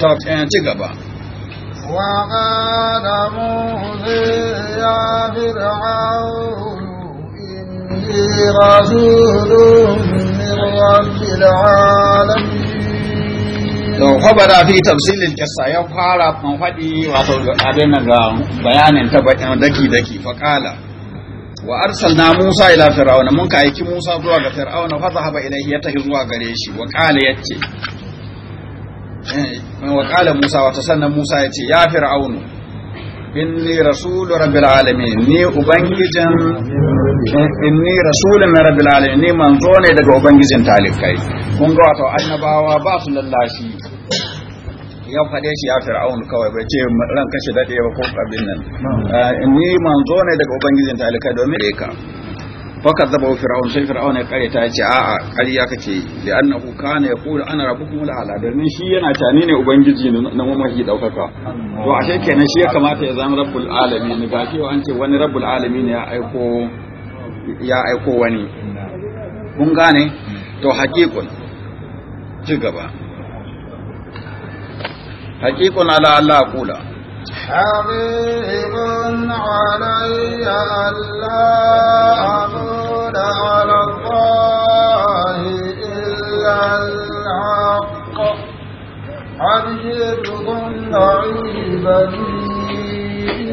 ta ci gaba وقال موسى يا فرعون إني رسول من رب العالمين don kwabara fi tafsilin kissa ya fara kan faɗi wato abin ga bayanin ta daki daki faƙala wa na Musa ila fir'auna mun ka aiki Musa zuwa ga fir'auna fa zahaba ilayhi ya tahi zuwa gare shi wa qala yace Eh, wa qala musa ta sannan musa ya ce ya fir'aunu inni rasulu rabbil alamin ni ubangijin inni rasulun rabbil alamin ni manzo ne daga ubangijin talikai kun ga wato annabawa ba su lallashi ya fade shi ya fir'aunu kawai bai ce ran kashi dade ba ko abin nan eh, ni manzo ne daga ubangijin talikai domin reka. fakar zaba wa fir'aun sai fir'aun ya kare ta ce a'a ƙarya kake da annahu kana ya kula ana rabbukum al'ala domin shi yana ta ne ubangiji na mamaki daukaka to ashe kenan shi ya kamata ya zama rabbul alamin ga cewa an ce wani rabbul alamin ya aiko ya aiko wani kun gane to haqiqun ci gaba haqiqun ala Allah kula حبيب علي ألا أقول على الله إلا الحق قد جئت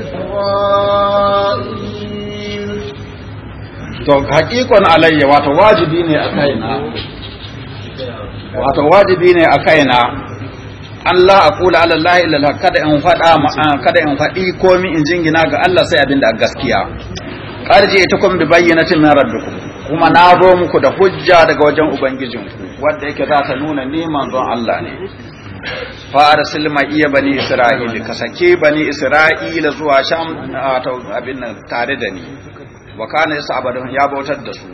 إسرائيل to haƙiƙon alayya wato wajibi ne a kaina wato wajibi ne a kaina Allah a ala Allah kada in faɗa ah, kada in faɗi komi in jingina ga Allah sai abin da gaskiya arji ita kuma bi na min rabbikum kuma na zo muku da hujja daga wajen ubangijin wanda yake za ta nuna ni manzon Allah ne fara silma iya bani isra'ila ka sake bani isra'ila zuwa sham ah, abin tare da ni wa kana yasa abadan ya bautar da su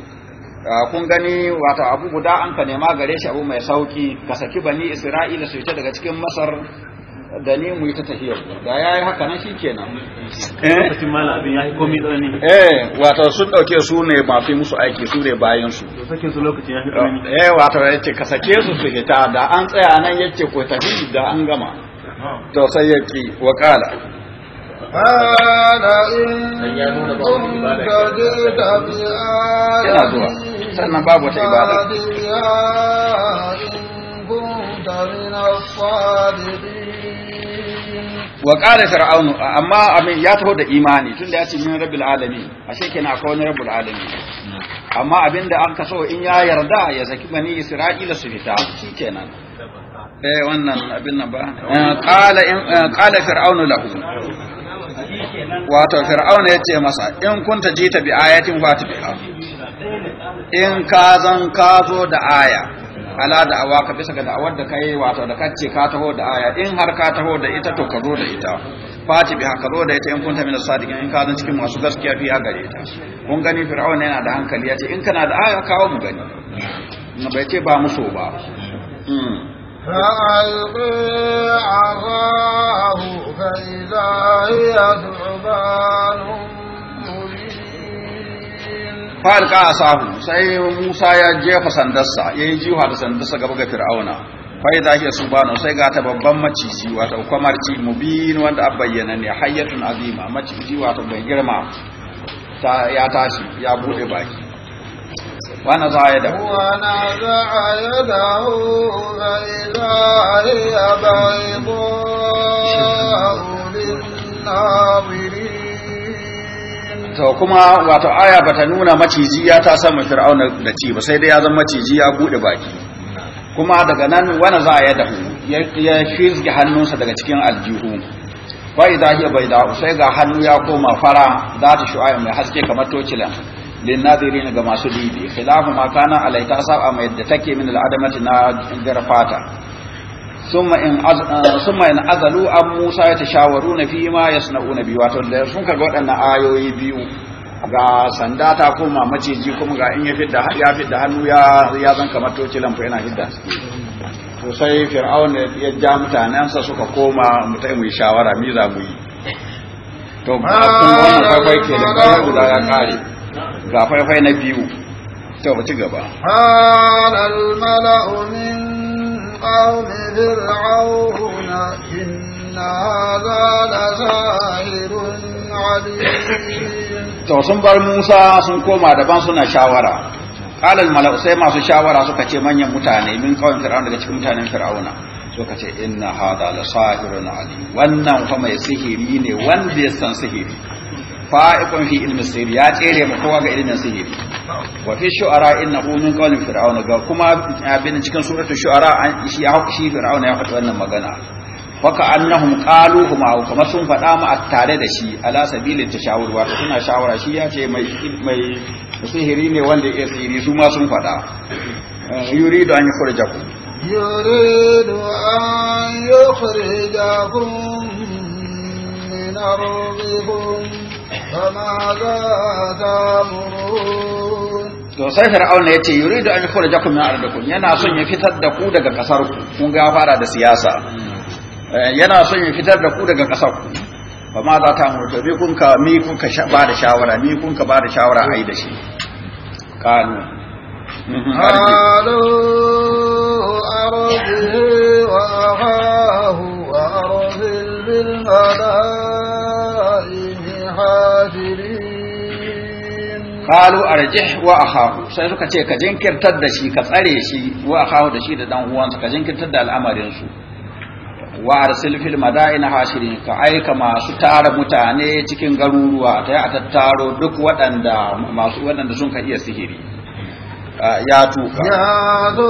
Ah, kun gani wato abu guda an ka nema gare shi abu mai sauki ka saki bani isra'ila su fita daga cikin masar da ni mu yi ta tahiyar da ya yi haka nan shi kenan eh, eh? mala abin ya komai eh wato sun dauke su ne ba fi musu aiki su ne bayan su to sake su lokaci ya fi tsanani eh, eh wato yace ka sake su su fita da an tsaya nan yace ko tafi da an gama to sai yake wa kala قال إن كنت جئت بآية sannan babu wata ibada wa qala fir'aunu amma amin ya taho da imani tunda ya ce min rabbil alami. ashe kenan akwai wani rabbil alami. amma abinda an kaso in ya yarda ya saki bani isra'ila su fita shikenan eh wannan abin nan ba eh, qala eh, qala fir'aunu lahu wato fir'aunu ya ce masa in kunta jita bi ayatin fatiha in ka zan ka zo da aya ala da awa ka bisa ga da'awar da kai wato da kace ka taho da aya in har ka taho da ita to ka zo da ita fati bi haka zo da ita in kun ta min sadiqin in ka zan cikin masu gaskiya fi ya gare ta kun gani fir'aun yana da hankali ya ce in kana da aya kawo mu gani na bai ce ba muso ba فألقي عصاه فإذا هي ثعبان falka asahu sai Musa ya jefa sandarsa ya yayi jiwa da sandarsa gaba ga Fir'auna fai da su bano sai ga ta babban maciji wato kwamarci mubin wanda an bayyana ne hayyatun azima maciji wata bai girma ta ya tashi ya bude baki wana za ya da wana za ga to kuma wato aya bata nuna maciji ya ta sama fir'auna da ci ba sai dai ya zama maciji ya bude baki kuma daga nan wani za a ya dahu ya fizge hannunsa daga cikin aljihu fa idza hiya bayda sai ga hannu ya koma fara za ta mai haske kamar tocilan linnadirin ga masu dibi khilafu ma kana alaita sa'a mai da take min al'adamati na garfata Ah, summa in azalu an Musa ya tashawaru na fi ma ya una biyu wato da sun kaga waɗannan ayoyi biyu ga sanda ta koma maciji kuma ga in ya fidda ya fidda hannu ya ya zan kamar toci lamfa yana fidda to sai fir'aun ya ja mutanensa suka koma mu tai mu shawara mi za mu yi to ba kun wannan kai ke da kai da ga kare ga faifai na biyu to ci gaba al mala'u min قوم فرعون إن هذا لساهر عليم to sun bar Musa sun koma daban suna shawara kalal mala'u sai masu shawara suka ce manyan mutane min kawai daga cikin mutanen fir'auna suka ce inna hada la sahirun alim wannan fa mai sihiri ne wanda ya san sihiri fa'iqun fi ilmi sihir ya tsere ba kowa ga ilmin sihir wa fi shu'ara innahu min qawlin fir'auna ga kuma abin cikin suratun shu'ara an shi shi fir'auna ya faɗi wannan magana faka annahum qalu huma kamar sun faɗa ma a tare da shi ala sabilin tashawur wa suna shawara shi ya ce mai mai sihiri ne wanda ya sihiri su ma sun faɗa yuridu an yukhrijakum yuridu an yukhrijakum min ardikum فماذا تامرون to sai fir'auna ya ce yuridu an yakuna jakum min ardikum yana son ya fitar da ku daga kasar ku kun ga fara da siyasa eh, yana son ya fitar da ku daga kasar ku fa ma za ta murta bi kun ka mi kun ka ba da shawara mi kun ka ba da shawara ai da shi kanu qalu mhm. ardi wa ahahu wa ardi bil qalu arjih wa akahu sai suka ce ka jinkirtar da shi ka tsare shi wa akahu da shi da dan uwansa ka jinkirtar da al'amarin su wa arsil fil madaina hashirin ka aika masu tara mutane cikin garuruwa ta a tattaro duk waɗanda masu waɗanda sun ka iya sihiri ya tuka ya zo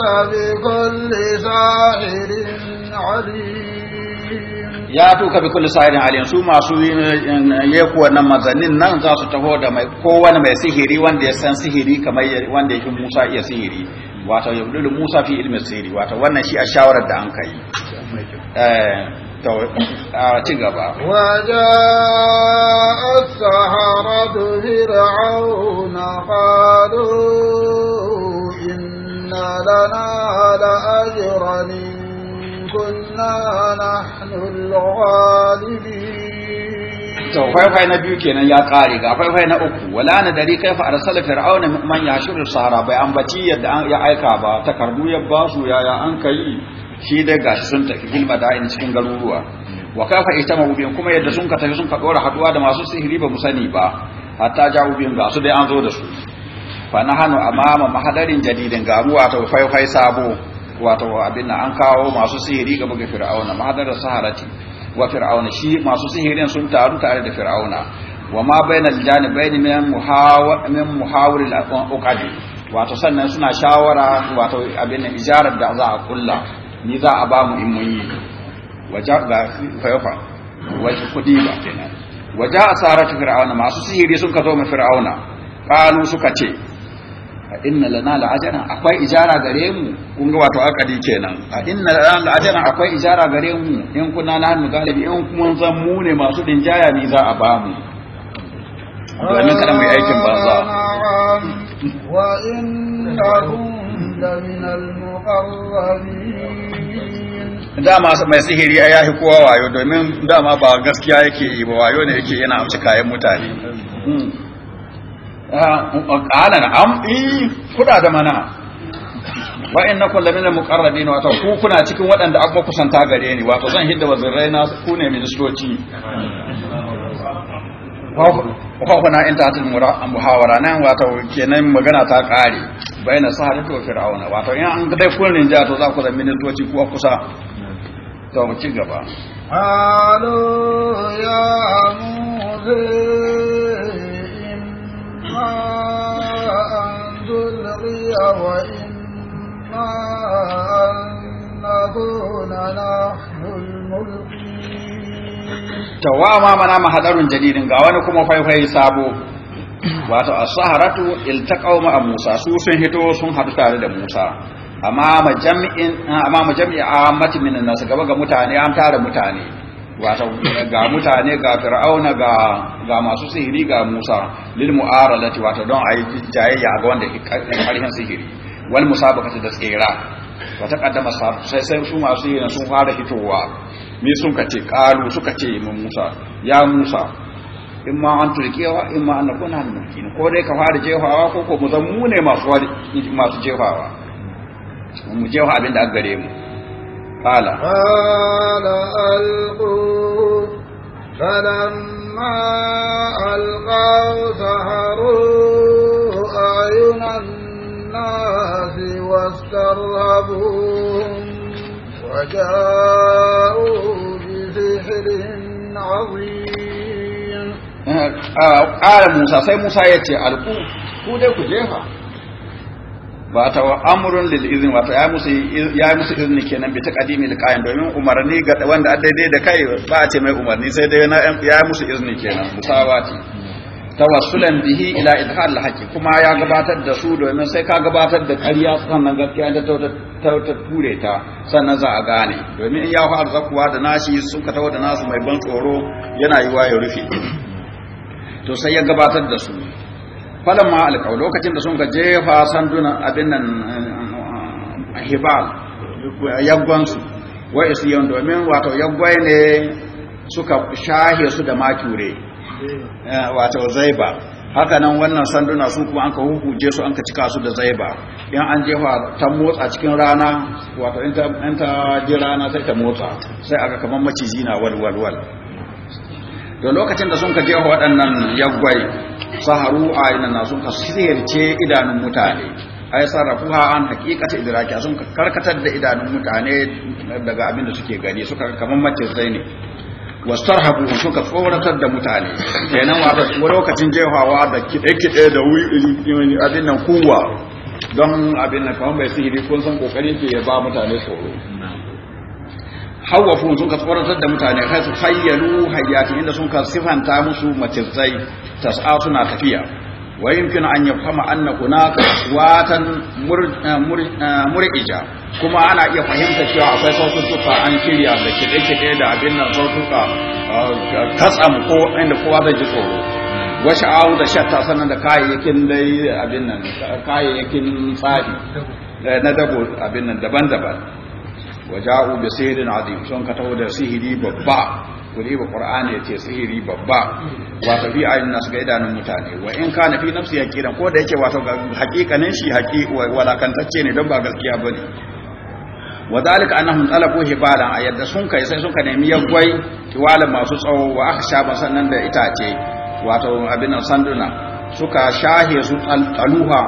ta bi kulli sahirin alim ya tuka bi kulli sahirin alim su masu yeku eh, wannan mazanin nan za su taho da mai kowane mai sihiri wanda ya san sihiri kamar wanda yake Musa iya sihiri wato yabdul Musa fi ilmi sihiri wato wannan shi a shawarar da an kai eh to a ci gaba wa ja'a as-saharatu fir'auna qalu inna lana la ajrani كنا na biyu kenan ya kare ga faifai na uku wala na dari kai fa arsala fir'auna man yashur sahara bai ambaci yadda ya aika ba takardu ya basu yaya an kai shi da gashi sun tafi gilma da in cikin garuruwa wa kafa ijtamu bin kuma yadda sun ka tafi sun ka dora haduwa da masu sihiri ba mu sani ba hatta jawo bin ga su dai an zo da su fa nahanu amama mahadarin jadidin garuwa ta faifai sabo wato abin an kawo masu sihiri gaba ga fir'auna mahadar saharati wa fir'auna shi masu sihirin sun taru tare da fir'auna wa ma bainal janibaini min muhawar min muhawiril uqadi wato sannan suna shawara wato abin ijarar da za a kulla ni za a ba mu in mun yi waja ga fayafa waje kudi ba kenan waja asaratu fir'auna masu sihiri sun ka zo mu fir'auna qalu suka ce a inna lana la'ajana akwai ijara gare mu kun ga wato akadi kenan a inna lana la'ajana akwai ijara gare mu in kuna na hannu galibi in kuma zan mu ne masu dinjaya ne za a ba mu domin kada mai aikin ba za wa dama mai sihiri ya yahi kowa wayo domin dama ba gaskiya yake yi ba wayo ne yake yana amshi kayan mutane hmm. qala am eh kuna da mana wa innakum lamina muqarrabin wato ku kuna cikin waɗanda abu kusanta gare ni wato zan hidda wazirai na ku ne ministoci wa kuna in ta an muhawara nan wato kenan magana ta kare bayna sahari to fir'auna wato in an dai kun ja to za ku zan ministoci ku kusa to mu ci gaba Hallelujah, ya أن ma وإما أن نكون نحن الملقين توا ما منا جديد فايفاي سابو wato as-saharatu iltaqaw ma Musa su sun hito sun hadu tare da Musa amma majami'in amma majami'a ammatin minan gaba ga mutane an tare mutane ga mutane ga fir'auna ga ga masu sihiri ga Musa lil mu'aralati wato don ayi jayayya ga wanda karfin sihiri wal musabaqati da tsira wata kaddama sai sai su masu sihiri sun fara hitowa me sun kace kalu suka ce mun Musa ya Musa in ma an turkewa in ma an nakuna al mulkin ko dai ka fara jefawa ko ko mu zan mu ne masu masu jefawa mu jefa abin da aka gare mu قال قال ألقوا فلما ألقوا سحروا أعين الناس واسترهبوهم وجاءوا بسحر عظيم قال موسى سي موسى يتي ألقوا ku dai ku jefa ta wa amrun lil izin wata ya musu ya musu izini kenan bi kadimi da kayan domin umarni ga wanda a daidai da kai ba a ce mai umarni sai dai na ya musu izini kenan musawati tawassulan bihi ila idhal al haqi kuma ya gabatar da su domin sai ka gabatar da ƙarya sannan gaskiya da ta ture ta sannan za a gane domin in ya fa arzakuwa da nashi suka tawo da nasu mai ban tsoro yana yiwa ya rufe to sai ya gabatar da su falan ma alƙaw lokacin da sun ga jefa sanduna abin nan eh, eh, hibal yaggonsu wa yawon domin wato yaggwai ne suka shahe su da makure eh. wato zaiba ba hakanan wannan sanduna sun kuma an ka hukuje su an ka cika su da zaiba in an jefa ta motsa cikin rana wato in ta ji rana sai ta motsa sai aka kamar maciji na walwalwal to lokacin da sun ka jefa waɗannan yaggwai saharu a inana sun ka sirce idanun mutane a sarrafu ha an haqiqata idraki sun ka karkatar da idanun mutane daga abin da suke gani suka kamar mace sai ne sun ka tsoratar da mutane kenan wa lokacin jefawa da kide-kide da wuri abin nan kuwa don abin nan kuma bai sihiri kun san ƙoƙarin ke ya ba mutane tsoro hawafun sun tsoratar da mutane haisu hayyalu hayyatin inda sun ka sifanta musu macizai tas'a suna tafiya wa yumkinu an yafhama anna hunaka aswatan eh, eh, mur'ija kuma ana iya fahimta cewa akwai sautuka an shirya da kide-kide da abin nan sautuka eh, katsam ko inda kowa zai ji tsoro wasu awu da shatta sannan da kayayyakin dai abin nan kayayyakin tsari na dago abin nan daban-daban waja'u bi sayrin azim sun ka taho da sihiri babba kuri ba qur'ani yace sihiri babba wa tabi'a in nas ga idanun mutane wa in kana fi nafsi yaqinan ko da yake wato hakikanin shi haƙi walakantacce ne don ba gaskiya bane wa zalika annahum talabu hibalan ayadda sun kai sai sun ka nemi yagwai tiwalan masu tsawo wa akhsha sannan da ita ce? wato abin sanduna suka shahe su taluha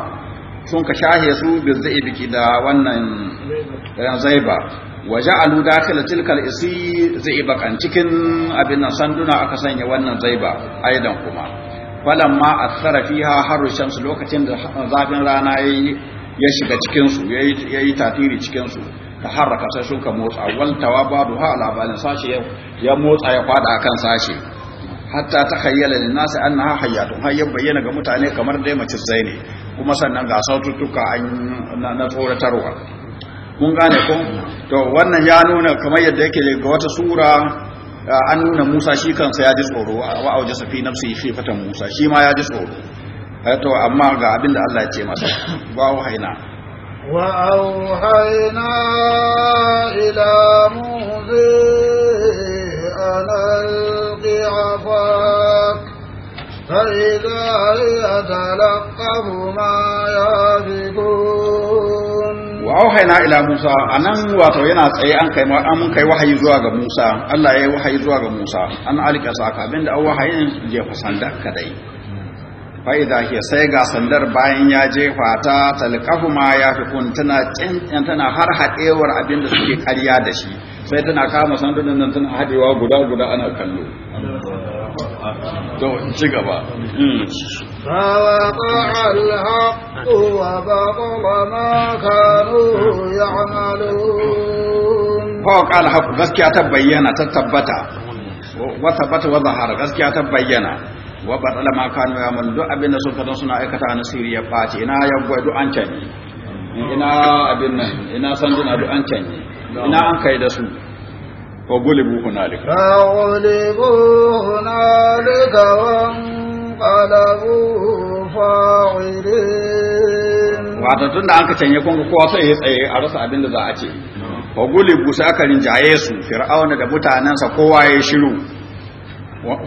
sun ka shahe su bizza'i biki da wannan eh, zaiba Waje a luda tilka al-isi kan cikin abin nan sanduna aka sanya wannan zaiba aidan kuma ma athara fiha haru shamsu lokacin da zafin rana yayi ya shiga cikin su yayi yayi tatiri cikin su ta harraka sai shuka motsa wal tawabadu ha ala balin sashi ya motsa ya fada akan sashi hatta ta khayyala lin nasi annaha hayatun har ya bayyana ga mutane kamar dai mace ne, kuma sannan ga saututtuka an na tsoratarwa mun gane ko to wannan ya nuna kamar yadda yake ga wata sura eh, an nuna Musa shi kansa ya ji tsoro wa auja safi nafsi fata Musa shi ma ya ji tsoro eh, to amma ga abin da Allah ya ce masa wa wahaina wa auhayna ila muzi an alqi afak fa idha yatalaqqahu ma na ila Musa anan wato yana tsaye an kai an kai wahayi zuwa ga Musa Allah ya yi wahayi zuwa ga Musa an alika saka abinda an wahayin jefa sandar kadai fa sai ga sandar bayan ya jefa ta talqahu ma ya fi kun tana tsin tana har hadewar abinda suke karya da shi sai tana kama sandunan nan tana hadewa guda guda ana kallo to ci gaba hmm. فوقع الحق وبطل ما كانوا يعملون فوقع الحق غسكي أتبين تتبتا وثبت وظهر غسكي أتبين وبطل ما كانوا يعملون دعا بنا سلطة سنة إكتا نسيري يباتي إنا يبقى دعا أنشاني إنا أبن إنا سنجنا دعا أنشاني إنا أنكي دسو وغلبوا هنالك فغلبوا هنالك وانقلبوا انقلبوا Wata wato tunda an ka canye kun kowa sai ya tsaye a rasa abin da za a ce ko gule sai aka rinjaye su fir'auna da mutanansa kowa ya shiru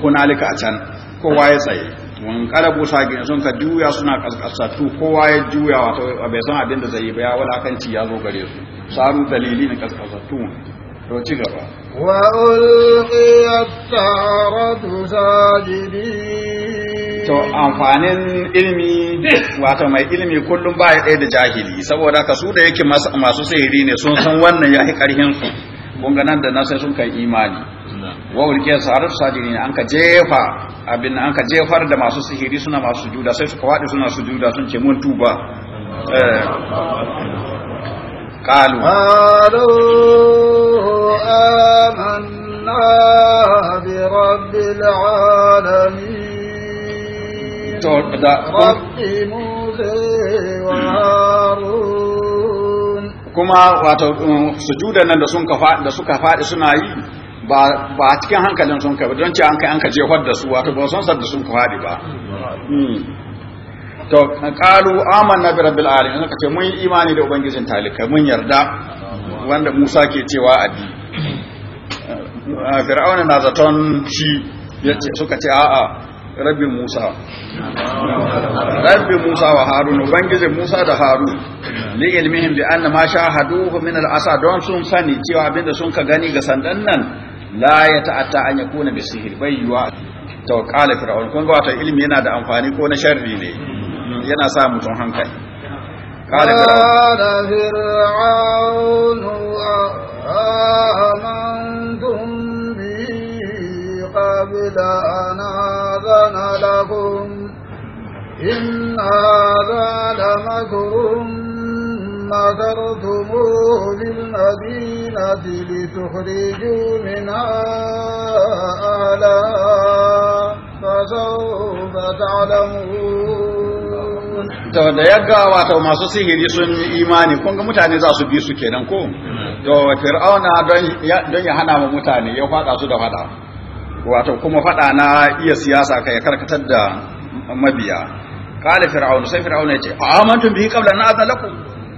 hunalika a can kowa ya tsaye mun kalabu gina sun ka juya suna ƙasƙasattu kowa ya juya wato bai san abin da zai yi ba ya wadakanci ya zo gare su saru dalili na kaskasatu to ci gaba wa ulqiyat taratu sajidin to amfanin ilimi wato mai ilimi kullum ba ya da jahili saboda ka su da yake masu sihiri ne sun san wannan ya yi ƙarhin su kun ga nan da na sai sun kai imani wa ulke sarar sajiri ne an ka jefa abin an ka jefar da masu sihiri suna masu sujuda sai su kawaɗe suna sujuda sun ce mun tuba قالوا قالوا آمنا برب kuma wato um, sujudan nan da sun da suka faɗi suna yi ba ba cikin hankalin sun ka don ce an kai an ka jefar da su wato ba san da sun ka faɗi ba hmm. to qalu amanna bi rabbil alamin ka ce mun yi imani da ubangijin talika mun yarda wanda Musa ke cewa a abi uh, fir'auna na zaton shi yace suka ce a'a rabin musa rabin musa wa harun ubangijin musa da harun ni ilmihim bi anna ma shahaduhu min al-asa don sun sani cewa abinda sun ka gani ga sandan nan la ya ta'atta an yakuna bi sihir bai yuwa to qala fir'aun kun ga wata ilmi yana da amfani ko na sharri ne yana sa mutum hankali qala fir'aun amantum bi qabla ana أذن لكم إن هذا لمكر مكرتموه بالمدينة لتخرجوا منها أهلا فسوف تعلمون to da ya ga wato masu sihiri sun yi imani kun ga mutane za su bi su kenan ko to fir'auna don ya hana mu mutane ya faɗa su da faɗa wato kuma faɗa na iya siyasa kai karkatar da mabiya Kale fir'aun sai fir'aun ya ce a amantum bihi qabla an azala lakum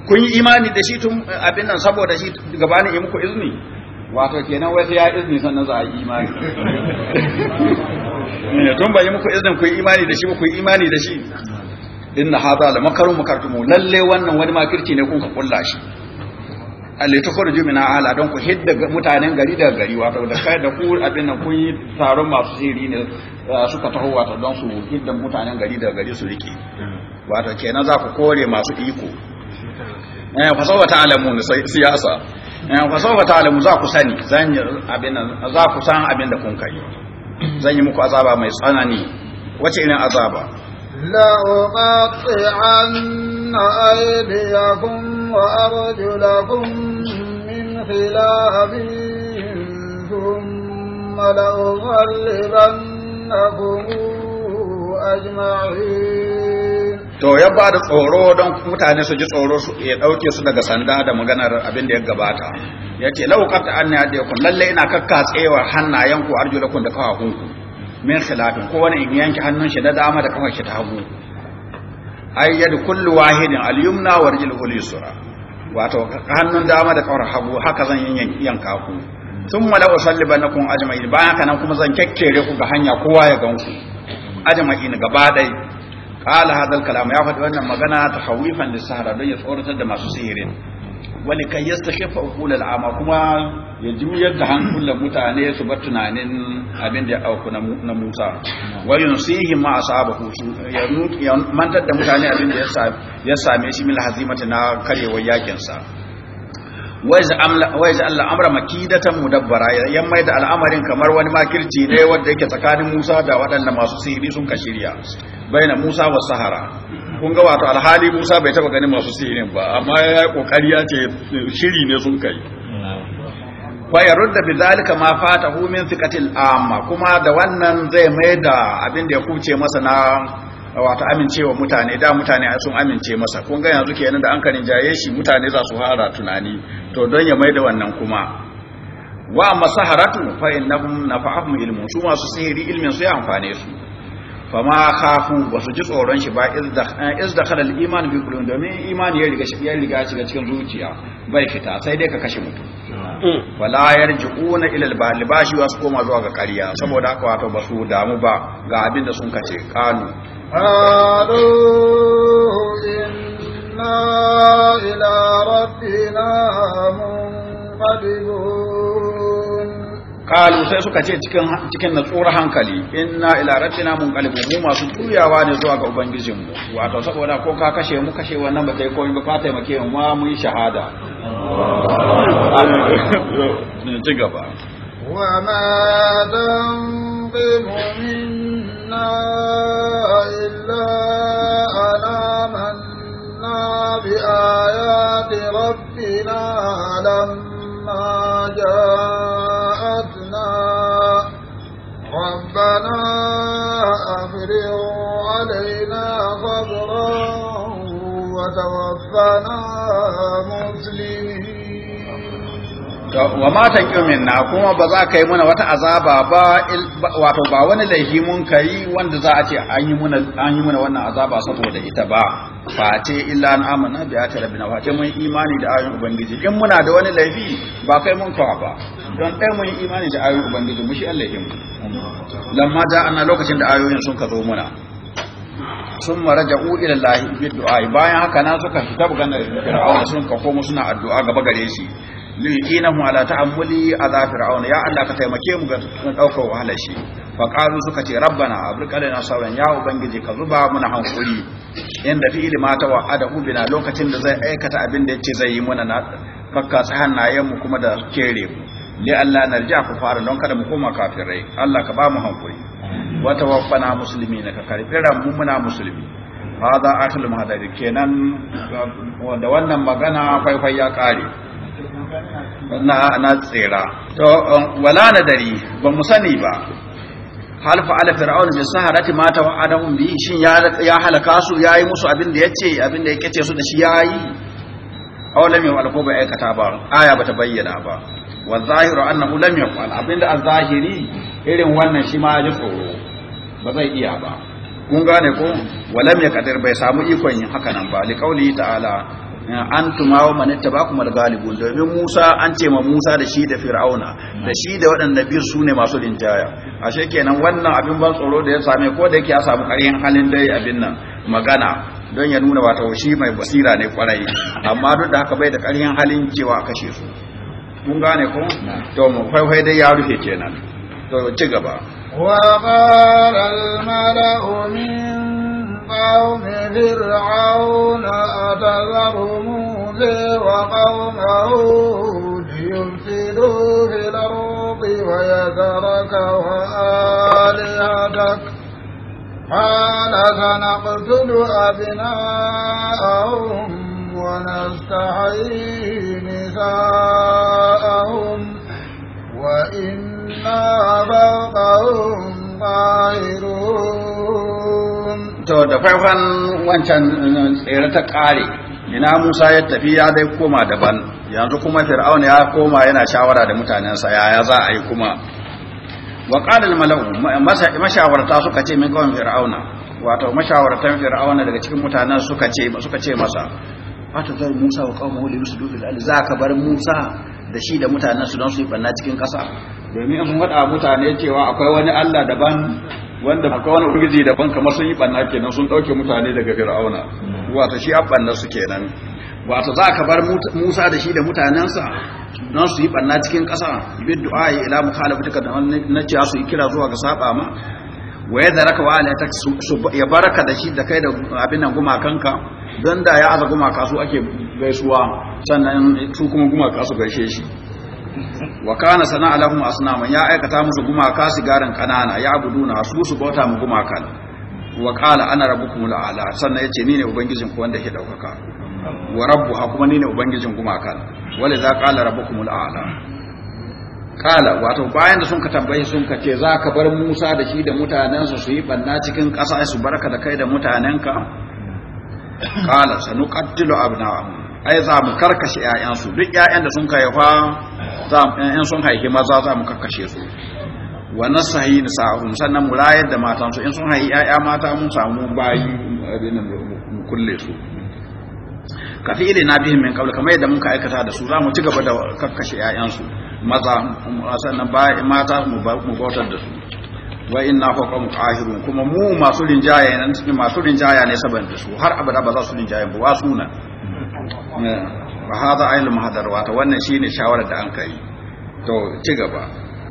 kun yi imani da shi tun eh, abin nan saboda shi gabanin yi muku izini wato kenan wai sai ya izini sannan za a yi imani ne tun bai yi muku izinin ku yi imani da shi ba ku yi imani da shi inna hadha la makarum makartumu lalle wannan wani makirci ne kun ka kulla shi alitakar jumina ala don ku hidda mutanen gari daga gari wato da kai da ku abin nan kun yi taron masu siri ne suka taho wato don su hidda mutanen gari daga gari su rike wato kenan za ku kore masu iko eh fa sawa ta'lamun siyasa eh fa sawa alamu za ku sani zan abin nan za ku san abin da kun kai zan yi muku azaba mai tsanani wace irin azaba la uqati'anna aydiyakum وأرجلهم من خلاف ثم لأغلبنهم أجمعين to ya ba da tsoro don mutane su ji tsoro ya ɗauke su daga sanda da maganar abin da ya gabata ya ce laukar da an ya kun lalle ina kakka tsewar hannayenku kun da kawakunku. min khilafin ko in yanke hannun shi na dama da kawar shi ta hagu ai yadu kullu wahidin al-yumna wa rijlu al-yusra wato hannun dama da kawar hagu haka zan yanka ku sun mala usallibanakum ajma'in bayan haka nan kuma zan kekkere ku ga hanya kowa ya ganku ajma'in gaba dai qala hadal kalam ya faɗi wannan magana tahawifan lisahara don ya tsoratar da masu sihirin wani kan yi sake fa'ukular ama kuma ya juyar da hankulan mutane su bar tunanin abin da ya auku na musa wani nusihin ma a saba ya mantar da mutane abin da ya same shi mil hazimata na karyewar yakinsa wai za Allah amra makidatan mudabbara yan mai da al'amarin kamar wani makirci ne wadda yake tsakanin Musa da waɗanda masu sihiri sun ka shirya baina Musa wa Sahara kun ga wato alhali Musa bai taba ganin masu sihirin ba amma ya kokari ya ce shiri ne sun kai fa yarudda zalika ma fatahu min thiqatil amma kuma da wannan zai mai da abin da ya kuce masa na wato amincewa mutane da mutane sun amince masa kun ga yanzu nan da an karin jaye shi mutane za su fara tunani to don ya mai da wannan kuma wa masaharatu fa innahum nafa'ahum ilmun su masu sihiri ilmin su ya amfane su fama khafu ba su ji tsoron shi ba iz da kada iman bi kulun domin imani ya riga ya riga cikin zuciya bai fita sai dai ka kashe mutum wala hmm. yarji'una ila al ba shi wasu koma zuwa ga kariya saboda haka wato ba su damu ba ga abin da sun kace kanu qalu inna ila rabbina munqalibun kalu sai suka ce cikin cikin natsuwar hankali inna ila rabbina munqalibun mu masu juyawa ne zuwa ga ubangijin mu wato saboda ko ka kashe mu kashe wannan ba kai komai ba ka mu ma mu yi shahada ci gaba wa ma dan bi illa alamanna bi ayati rabbina lamma jaa ربنا أفرغ علينا صبرا وتوفنا مسلمين wa ma taqiu na kuma ba za ka yi muna wata azaba ba wato ba wani laifi mun kai wanda za a ce an yi muna an yi muna wannan azaba saboda ita ba fate illa an amana bi ayati rabbina fate mun imani da ayoyin ubangiji in muna da wani laifi ba kai mun kawa ba don ɗaya mun imani da ayoyin ubangiji mu shi Allah ya mu lamma ana lokacin da ayoyin sun ka zo muna sun maraja ila lahi bi du'a bayan haka na suka fita bugan da fir'auna sun ka komo suna addu'a gaba gare shi liyinahu ala ta'ammuli azab fir'auna ya Allah ka taimake mu ga daukar wahalar shi fa qalu suka ce rabbana abrikalana sawan ya ubangiji ka zuba muna hankuri inda ta ma tawa'adahu ubina lokacin da zai aikata abin da yace zai yi muna na fakka hannayen mu kuma da kere mu li Allah narja ku fara don kada mu koma kafirai Allah ka ba mu hankuri wa tawaffana muslimina ka karfiran mu muna musulmi hada akhil mahadari kenan da wannan magana faifai ya kare na na tsira to um, wala dari ba mu sani ba hal ala fir'aun bi saharati ma Adamu bi shin ya ya halaka su yayi musu abin da yace abin da yake ce su da shi yayi aw lam yu ko bai aikata ba aya bata bayyana ba wa zahiru annahu lam yaf'al abin da az-zahiri irin wannan shi ma ya tsoro ba zai iya ba kun gane ko walam ya kadir bai samu ikon yin haka nan ba li ta'ala an wa man tabakum al-ghalibun domin Musa an ce ma Musa da shi da Fir'auna da shi da waɗanda biyu sune masu rintaya ashe kenan wannan abin ban tsoro da ya same ko da yake ya samu ƙarin halin dai abin nan magana don ya nuna wata shi mai basira ne kwarai amma duk da haka bai da ƙarin halin cewa kashe su mun gane ko to mu faifai dai ya rufe kenan to ci gaba wa qala al-mala'u min قوم فرعون أتذر موسى وقومه ليفسدوا في الأرض ويترك وآلهتك قال سنقتل أبناءهم ونستحيي نساءهم وإنا فوقهم قاهرون to da farkon wancan eh, tsere ta kare ina Musa ya tafi ya dai koma daban yanzu kuma Fir'auna ya koma yana shawara da mutanensa yaya za a yi kuma wa qala al mala'u mashawarta suka ce min kawai Fir'auna wato mashawartan Fir'auna daga cikin mutanen suka ce suka ce masa fata zai musa wa kawo mahuli musu dufi al'adu za ka bar musa da shi da mutanen su don su yi banna cikin ƙasa domin in wada mutane cewa akwai wani allah daban wanda akwai wani ubangiji daban kamar sun yi banna kenan sun ɗauke mutane daga fir'auna wata shi an banna su kenan wata za ka bar musa da shi da mutanensa don su yi banna cikin ƙasa bi du'a ila duka da na ce su yi kira zuwa ga saba ma wa yadda raka wa alaita ya baraka da shi da kai da abin nan gumakanka don da ya aza gumaka su ake gaisuwa sannan su kuma gumaka su gaishe shi wa kana sana'a lahum asnama ya aikata musu gumaka sigaran kanana ya abuduna su su bauta mu gumaka wa qala ana rabbukum al'ala sannan yace ni ne ubangijin ku wanda ke daukaka wa Rabbu ha kuma ni ne ubangijin gumaka wala za qala rabbukum al'ala kala wato bayan da sun ka tambaye sun ka ce za ka bar Musa da shi da mutanensa su yi banna cikin ƙasa su barka da kai da mutanenka sanu sanuqaddilu abna'ahum ai za mu karkashe su duk ƴaƴan da sun fa za ƴaƴan sun haife maza za mu karkashe su wa nasahi nisa'uhum sannan mu rayar da su, in sun haifi ƴaƴa mata mun samu bayi abin da mu kulle su ka fi ilina bihim min qabl kamar yadda ka aikata da su za mu ci gaba da karkashe su maza sannan mata mu bautar da su wa inna faqam qahirun kuma mu masu rinjaye nan cikin masu rinjaya ne saboda su har abada ba za su rinjaye ba wasuna wa hada ayyul muhadar wa ta wannan shine shawarar da an kai to ci gaba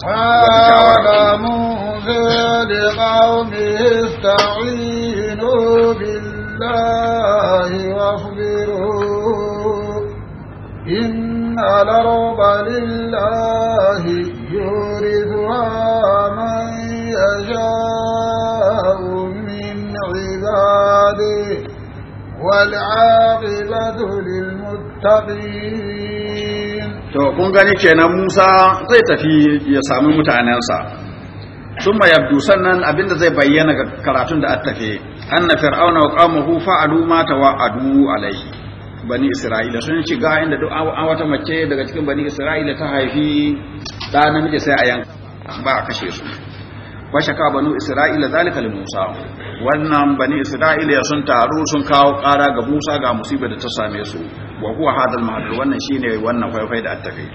qala munzir qawmi ista'inu billahi wasbiru inna al-arba lillahi yuridha man يشاء من عباده والعاقبة للمتقين to kun gani kenan Musa zai tafi ya sami mutanensa summa yabdu sannan abinda zai bayyana ga karatun da attafe anna fir'auna wa qaumahu fa'alu ma tawa'adu alaihi bani isra'ila sun shiga inda duk an wata mace daga cikin bani isra'ila ta haifi da namiji sai a yanka ba a kashe su washaka banu isra'ila zalika li musa wannan bani isra'ila sun taru sun kawo kara ga musa ga musibar da ta same su wa huwa hadal mahdur wannan shine wannan faifai da attafi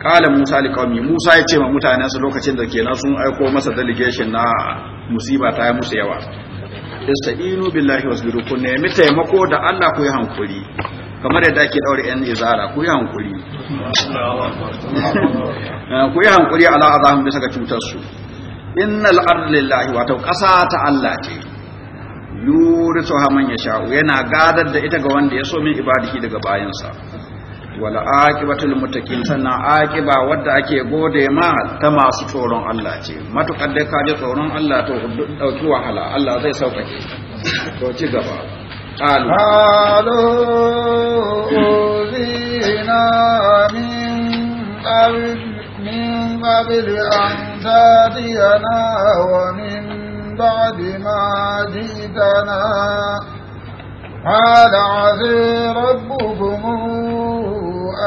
kala musa li qaumi musa ya ce ma mutanensa lokacin da kenan sun aiko masa delegation na musiba ta yi musu yawa istainu billahi wasbiru ku nemi taimako da Allah ku yi hankuri kamar yadda ake daure yan izara ku yi hankuri eh, ku yi hankuri ala azahum bisa ga cutar su innal ardu lillahi wato ƙasa ta Allah ce ha man sha'u, yana gadar da ita ga wanda ya so min ibadahi daga bayansa wala aqibatul muttaqin sannan aqiba wadda ake gode ma ta masu tsoron Allah ce matukar da ka ji tsoron Allah to dauki wahala Allah zai saukake to ci gaba qalu min min qabl an تاتينا ومن بَعْدِ مَا جئتنا هَذَا عسي ربكم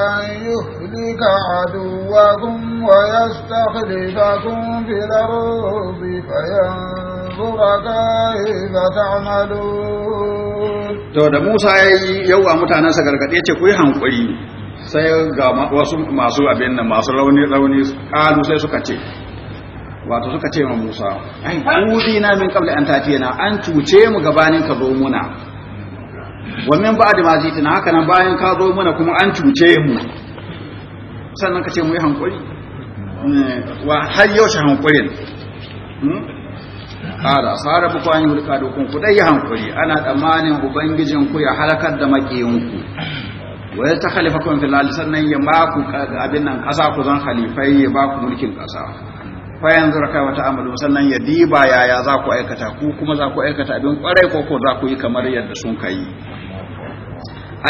أن يُهْلِكَ عَدُوَّكُمْ وَيَسْتَخْلِفَكُمْ فِي الْأَرْضِ فَيَنْظُرَ كَيْفَ تَعْمَلُونَ to da Musa ya yi yauwa mutanensa gargaɗe ce ku yi hankuri sai ga wasu masu abin nan masu rauni rauni ƙalu sai suka ce wato suka ce ma Musa ai na min kabla an na an cuce mu gabanin ka zo muna wa min ba'd ma jitina haka nan bayan ka zo muna kuma an cuce mu sannan ka ce mu yi hankuri eh, wa har yau shi hankurin kada hmm? sara ku kwani hulka dokun ku dai hankuri ana tsammanin ubangijin ku ya halakar da makiyin wa ya kun fil sannan ya ba ku abin nan kasa ku zan khalifai ya ba ku mulkin kasa fayan zurka wata amalu sannan ya diba yaya za ku aikata ku kuma za ku aikata abin kwarai ko ko za ku yi kamar yadda sun ka yi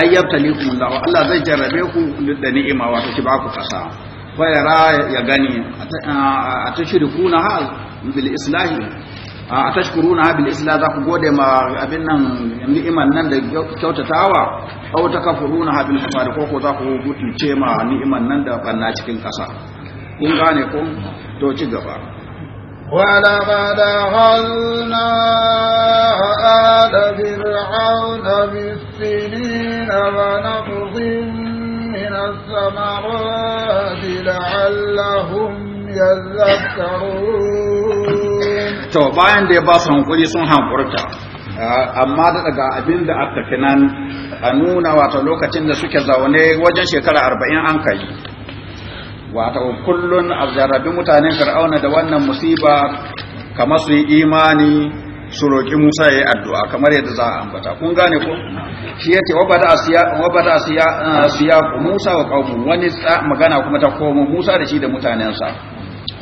ayyabtalikum da Allah zai jarrabe ku da ni'ima wato ki ba ku kasa wa yara ya gani na ha bil islahi na bil islah za ku gode ma abin nan ni'iman nan da kyautatawa aw takfuruna bil kufar ko ko za ku ce ma ni'iman nan da banna cikin kasa kun gane ko to ci gaba da ولقد أخذنا آل فرعون بالسنين ونقض من الثمرات لعلهم يذكرون to bayan da ya ba su hankuri sun hankurta amma da daga abin da aka fi nan a nuna wata lokacin da suke zaune wajen shekara arba'in an kai wata kullun a jarrabi mutanen fir'auna da wannan musiba kamar su yi imani su roƙi musa ya yi addu'a kamar yadda za a ambata kun gane ko shi ya ce wabada siya ah, musa wa ƙaunin wani magana kuma ta komo musa da shi da mutanensa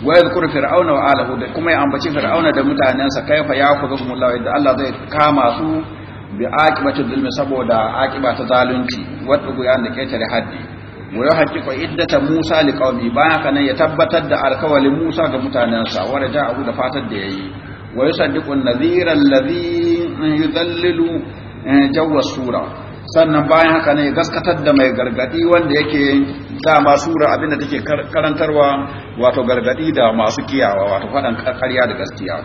Wai zukur fir'auna wa alahu da kuma ya ambaci fir'auna da mutanensa fa ya ku zuku mullawa yadda allah zai kama su bi akibatin zulmi saboda akiba ta zalunci wadda guyan da tare haddi mu ya haƙiƙa iddata Musa li bayan haka ya tabbatar da alkawalin Musa ga mutanensa wa da abu da fatar da yayi wa yusaddiqu an-nadhira alladhi eh, yudhallilu eh, jawwa sura sannan bayan haka ne gaskatar da mai gargadi wanda yake dama sura abinda take karantarwa wato gargadi da masu kiyawa wato faɗan ƙarya da gaskiya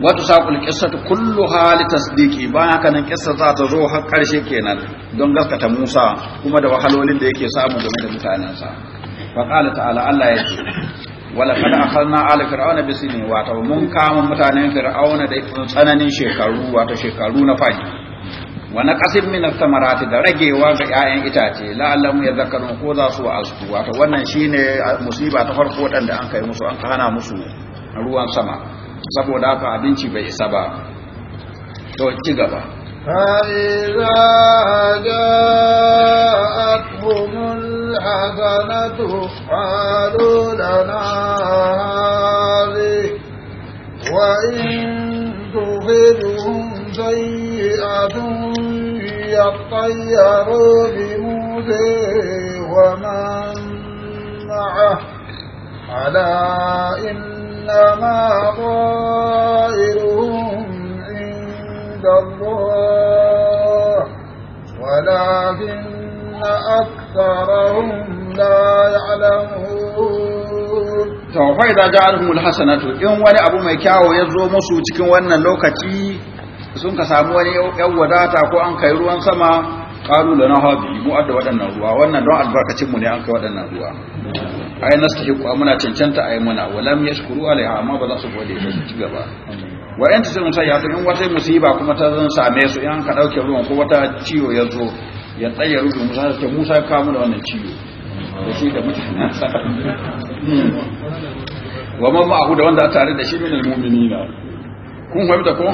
wata saƙul ƙisatu kullu hali tasdiki bayan haka nan ƙisa za ta zo har ƙarshe kenan don gaskata musa kuma da wahalolin da yake samu game da mutanensa faƙala ta'ala allah ya ce wala kada akhalna ala fir'auna bisini wato mun kama mutanen fir'auna da tsananin shekaru wata shekaru na fadi wa naqasim min ath-thamarati da ragewa ga 'ya'yan itace ya yadhakkarun ko za su wa'azu wato wannan shine musiba ta farko wadanda an kai musu an hana musu ruwan sama saboda haka abinci bai isa ba to ci gaba فإذا جاءتهم الحسنة قالوا لنا هذه وإن تفدهم سيئة يطيروا بموسى ومن معه ألا إن إنما طائرهم عند الله ولكن أكثرهم لا يعلمون to fa idza ja'alhum alhasanatu in wani abu mai kyawo ya zo musu cikin wannan lokaci sun ka samu wani yan wadata ko an kai ruwan sama da lana hadi mu adda waɗannan ruwa wannan don albarkacin mu ne an kai waɗannan ruwa ai nastahiqu muna cancanta ai muna walam yashkuru alaiha amma ba za su gode ba su ci gaba wa yanta sai mutai ya san in wata musiba kuma ta zan same su in ka dauke ruwan ko wata ciwo ya zo ya tsaya rubu musa ta musa ka mu da wannan ciwo da shi da mutane wa mamma ahu da wanda tare da shi minal mu'minina kun fahimta ko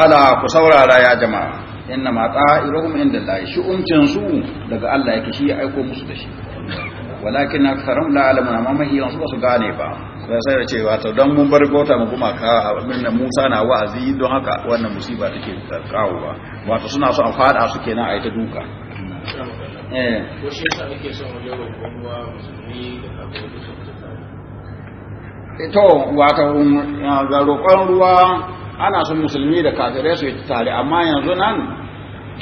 ala ku saurara ya jama'a inna ma ta'iruhum inda lahi shi umcin su daga Allah yake shi ya aiko musu da shi walakin karam la alamun amma mahi yansu ba su gane ba sai ya ce wata don mun bar gota mu kuma ka minna Musa na wa'azi don haka wannan musiba take kawo ba wato suna so a fada su kenan a ita duka eh ko shi yasa ake son wajen roƙon ruwa musulmi da kafin su eh, to wato um, roƙon ruwa ana son musulmi da kafirai su yi tare amma yanzu nan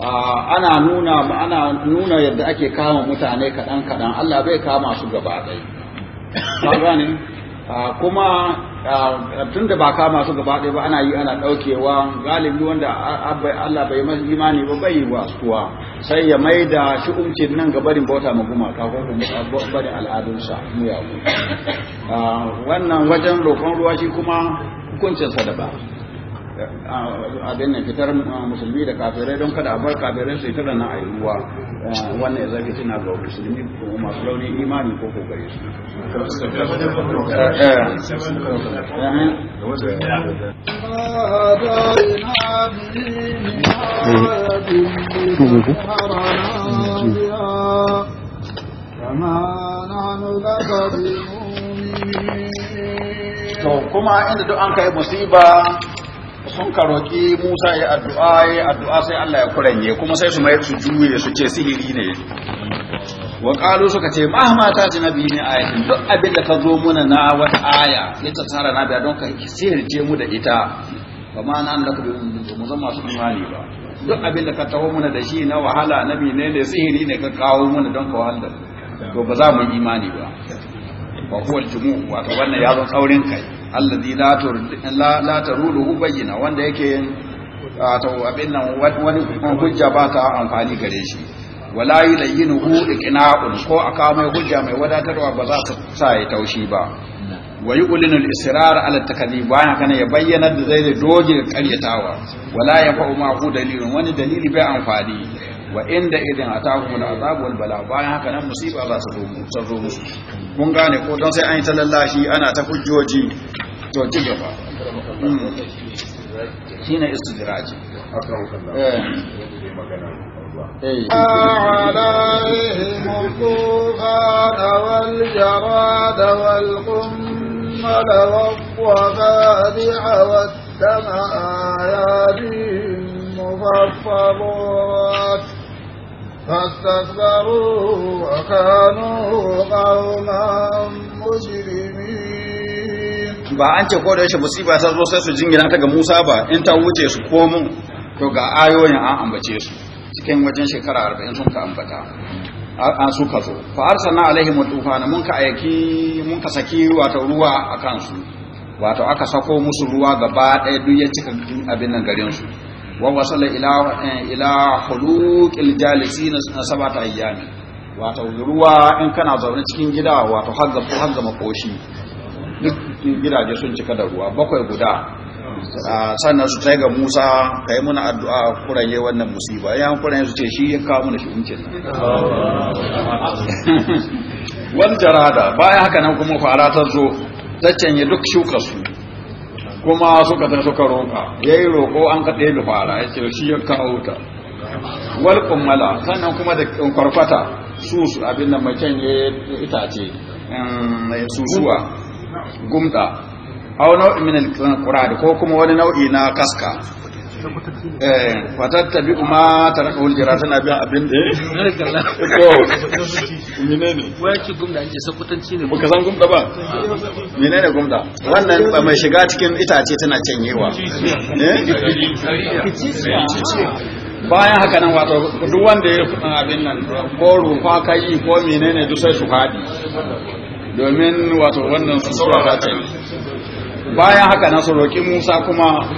Ah, ana nuna ana nuna yadda ake kama mutane kaɗan kaɗan Allah bai kama su gaba ɗaya ka gane ah, kuma ah, tun da ba kama su gaba ɗaya ba ana yi ana ɗaukewa galibi wanda Allah bai masa imani ba bai wa kuwa sai ya mai da shi umcin nan ga barin bauta ma kuma ko kuma bari al'adunsa muyawu wannan wajen roƙon ruwa shi kuma hukuncinsa da ba abin nan fitar musulmi da kafirai don kada a bar kafirai su yi tara na ayyuwa wannan ya zafi suna ga musulmi ko masu launin imani ko ko gare su To kuma inda duk an kai musiba sun karoki Musa ya addu'a ya addu'a sai Allah ya kuranye kuma sai su mayar su juye su ce sihiri ne wa qalu suka ce mahma ta ji nabi ne ayati duk abin da ka zo muna na wata aya ya tsara na da don ka je mu da ita Ba kuma nan da kabi mu zama masu imani ba duk abin da ka taho muna da shi na wahala nabi ne ne sihiri ne ka kawo muna don ka wahala to ba za mu imani ba Ba huwa wato wannan ya zo saurin kai alladhi la la taruhu bayyana wanda yake ah, to abin nan wani hujja ba ta amfani gare shi wala yulayyinuhu iqna'un ko aka mai hujja mai wadatarwa ba za ta sa ya taushi ba wa ulinul israr ala takdhib wa kana ya bayyana da zai doge karyatawa wala ya fa'u ma hu dalilun wani dalili bai amfani wa inda idan atakum azab wal bala bayan haka nan musiba za su zo musu kun gane ko don sai an yi ta lallashi ana ta kujjoji to ci gaba hmm. shine istidraji عليهم الطوفان والجراد والقمل آيات مفصلات فاستكبروا وكانوا قوما مجرمين ba an ce ko da yake musiba ta zo sai su jingina ta ga Musa ba in ta wuce su komun to ga ayoyin an ambace su cikin wajen shekara 40 sun ka ambata an su ka zo fa arsalna alaihim tufana mun ka ayaki mun ka saki wato ruwa akan su wato aka sako musu ruwa gaba ɗaya duk ya cika abin nan garin su wa wasala ila eh, ila khuluqil jalisin sabata ayyami wato ruwa in kana zaune cikin gida wato hagga har ga makoshi duk gidaje sun cika da ruwa bakwai guda ah, sannan su sai ga Musa ka yi muna addu'a kuranye wannan musiba yan kuranye su ce shi ya kawo mana shi umkin Wani jarada bayan haka nan kuma fara ta zo ta canye duk shuka su kuma suka ta suka roƙa ya yi roƙo an kaɗe ɗaya fara ya shi ya kawo wuta wal kummala sannan kuma da kwarfata su su abin da macen ya itace mm, susuwa gumda au nau'i min al ko kuma wani nau'i na kaska eh fatatta bi taraka da to menene wai san gumda ba menene gumda wannan ba mai shiga cikin itace tana canyewa eh? bayan haka nan wato duk wanda ya kudin abin nan ko rufa kai ko menene duk sai su faɗi domin wato wannan sura ta ce bayan haka na su roƙi Musa kuma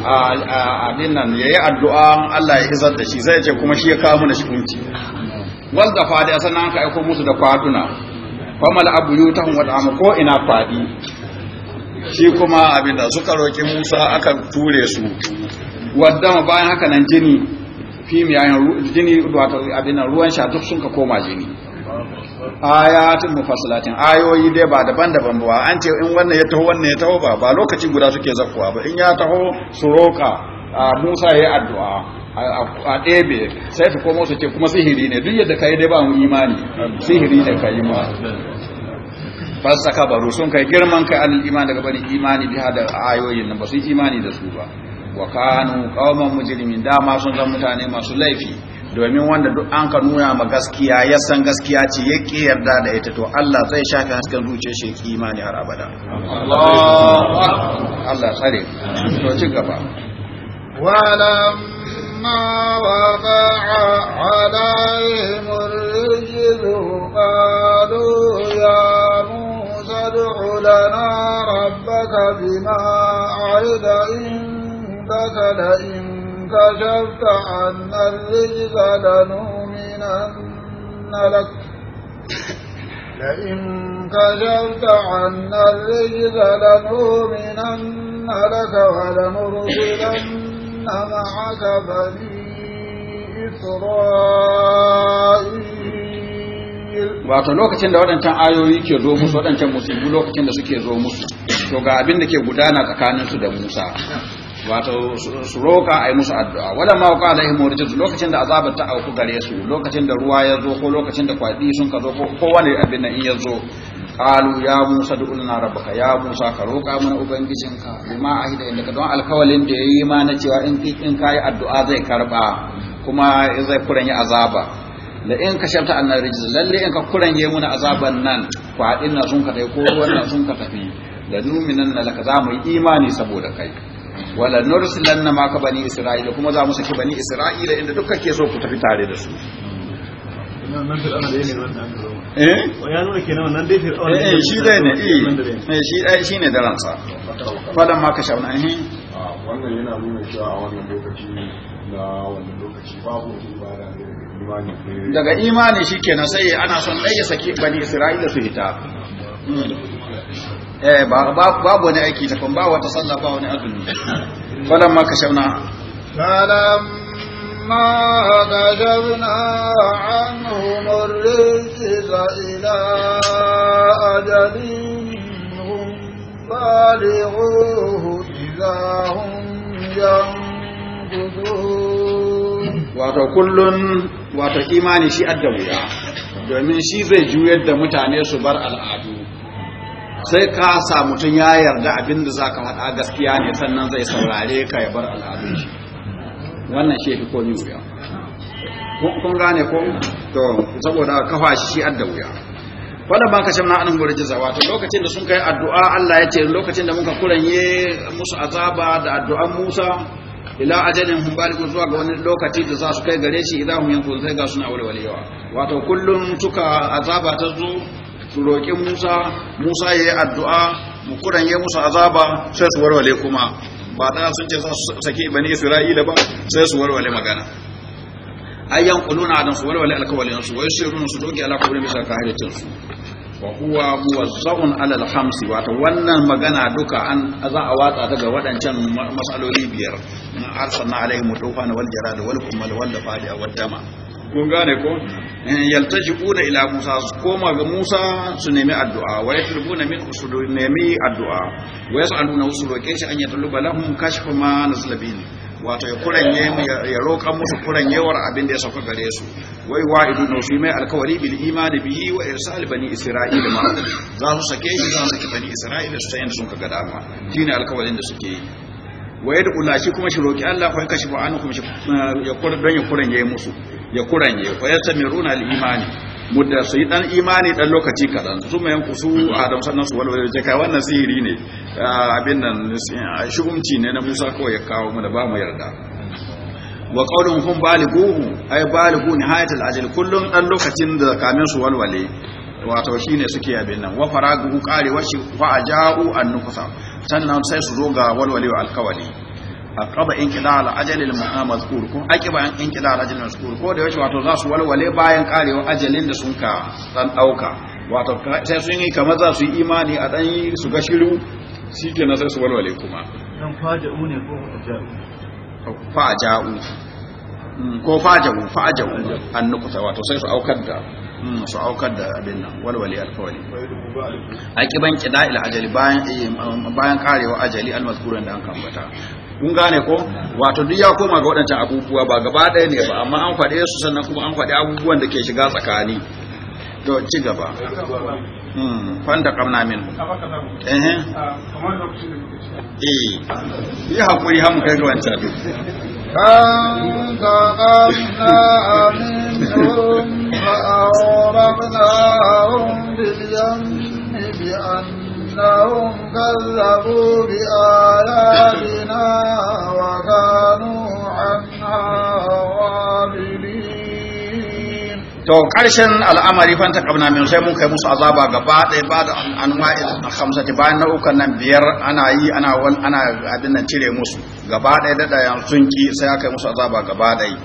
abin nan yi addu'a Allah ya izar da shi zai ce kuma shi ya kawo mana kunci. wal da fadi sannan ka aiko musu da kwaduna famal abuyutahum wa ta'am ko ina fadi shi kuma abin da suka roƙi Musa aka ture su wadda bayan haka nan jini fim yayin jini wato abin nan ruwan sha duk sun ka koma jini ayatun mufassalatin ayoyi dai ba daban-daban ba an ce in wannan ya taho wannan ya taho ba ba lokaci guda suke zakkuwa ba in ya taho su roka Musa ya addu'a a ɗebe sai su komo su ce kuma sihiri ne duk yadda kai dai ba mu imani sihiri ne kai ma fasaka baro sun kai girman kai an iman daga bari imani biha da ayoyin nan ba su imani da su ba wa kanu qauman mujrimin dama sun zama mutane masu laifi domin wanda duk an ka nuna ma gaskiya ya san gaskiya ce ya ƙi yarda da ita to Allah zai shafe hasken zuciya shi ki imani har abada Allah tsare to ci gaba walamma ala al-murjidu qalu ya musa ad'u lana rabbaka bima a'ida indaka كشفت عنا الرجز لنؤمنن لك لئن كشفت عنا الرجز لنؤمنن لك ولنرسلن معك بني إسرائيل wato lokacin da waɗancan ayoyi ke zo musu waɗancan musulmi lokacin da suke zo musu to ga abin da ke gudana tsakaninsu da musa wato su roka yi musu addu'a wadda ma wuka alaihim murjatu lokacin da azabar ta auku gare su lokacin da ruwa ya zo ko lokacin da kwaɗi sun ka zo ko wani abin nan in ya zo qalu ya musa du'ulna rabbaka ya musa ka roka mana ubangijinka bima ahida inda ka don alkawalin da ya yi ma na cewa in in yi addu'a zai karɓa kuma zai yi azaba da in ka sharta annar rijis lalle in ka yi muna azaban nan kwaɗin na sun ka tafi ko wannan na sun ka tafi da numinan na laka za mu yi imani saboda kai wala na maka bani isra'ila kuma za mu saki bani isra'ila inda dukkan ke so ku tafi tare da su eh ya nuna kenan eh, shi dai na imani shikenan sai ana son ɗaya ya saki bani isra'ila su hita hmm. eh babu wani aiki da kun ba wata sallah ba wani azumi falan ma kashafna falan ma kashafna anhum ar-rijza ila ajalin hum balighuhu idza yanqudun wato kullun wato imani shi adda wuya domin shi zai juyar da mutane su bar al'adu sai ka sa mutum ya yarda abin da za ka haɗa gaskiya ne sannan zai saurare ka ya bar al'adun shi wannan shi fi komi wuya kun gane ko to saboda kafa shi adda wuya wanda ba ka na anan gurin jizawa to lokacin da sun kai addu'a Allah ya ce lokacin da muka kuranye musu azaba da addu'an Musa ila ajalin hum baliku zuwa ga wani lokaci da za su kai gare shi idan hum yanzu sai ga suna walwalewa wato kullum tuka azaba ta zu. su roƙi musa musa ya yi addu'a mukuran ya musa azaba sai su warware kuma ba ta sun ce saki bane isra'ila ba sai su warware magana ayyan kuluna adam su warware alkawalin su wai shirun su doge alakawalin bisa ka su wa kuwa buwa zaun alal khamsi wata wannan magana duka an za a watsa daga waɗancan masaloli biyar in arsalna alaihim tufana wal jarada wal da wanda fadiya wadda ma kun gane ko yaltaji'una ila Musa su koma ga Musa su nemi addu'a wa yatlubuna min usul nemi addu'a wa yas'aluna su roke shi an yatluba lahum kashfa ma naslabin wato ya kuranye ya roƙa musu kuranyewar abin da ya sauka gare su wai wa idu no su mai alkawari bil iman bihi wa irsal bani isra'ila ma za su sake shi za su sake bani isra'ila su tayin sun kaga dama shine alkawarin da suke yi wa yad'u la shi kuma shi roki Allah fa kashifa anhum eh, ya kur dan ya kuranye musu ya kuranye fa yastamiruna al-imani mudda su yi dan imani dan lokaci kaɗan. su mai yanku su adam sannan su walwale je kai wannan sihiri ne ah, abin nan shugumci ne na Musa kawai ya kawo mu da ba mu yarda wa qawlun hum balighuhu ay balighu nihayat al-ajal kullun dan lokacin da kamin su walwale wato shine suke abin nan wa faragu qarewar shi fa ajau an-nufusa sannan sai su zo ga walwale wa alkawali aqaba inqida ala ajalil al muhammazkur ko aqiba an inqida al ajal mazkur ko da yace wato za su walwale bayan karewa ajalin da sun ka dan dauka wato sai sun yi kamar za su yi imani a dan su ga shiru na sai su walwale kuma dan faja'u ne ko faja'u faja'u mm, ko faja'u, faja'u. an nukuta wato sai su aukar da mm, su aukar da abin nan walwale alkawali aqiban kiban kida ila ajali bayan eh, bayan karewa ajali almazkuran da an kambata kun gane ko wato duk ya koma ga waɗancan abubuwa ba gaba ɗaya ne ba amma an faɗe su sannan kuma an faɗi abubuwan da ke shiga tsakani to ci gaba hmm, fanta kamna min eh eh yi hakuri ha mu kai ga wancan فانتقمنا منهم فأورقناهم باليم بأن إنهم كذبوا بآياتنا وكانوا عنها to karshen al'amari fanta ta kabna min sai mun kai musu azaba gaba ɗaya ba da an anwa'i ta bayan na'ukan nan biyar ana yi ana ana abin nan cire musu gaba ɗaya da yanzu sun ki sai aka yi musu azaba gaba ɗaya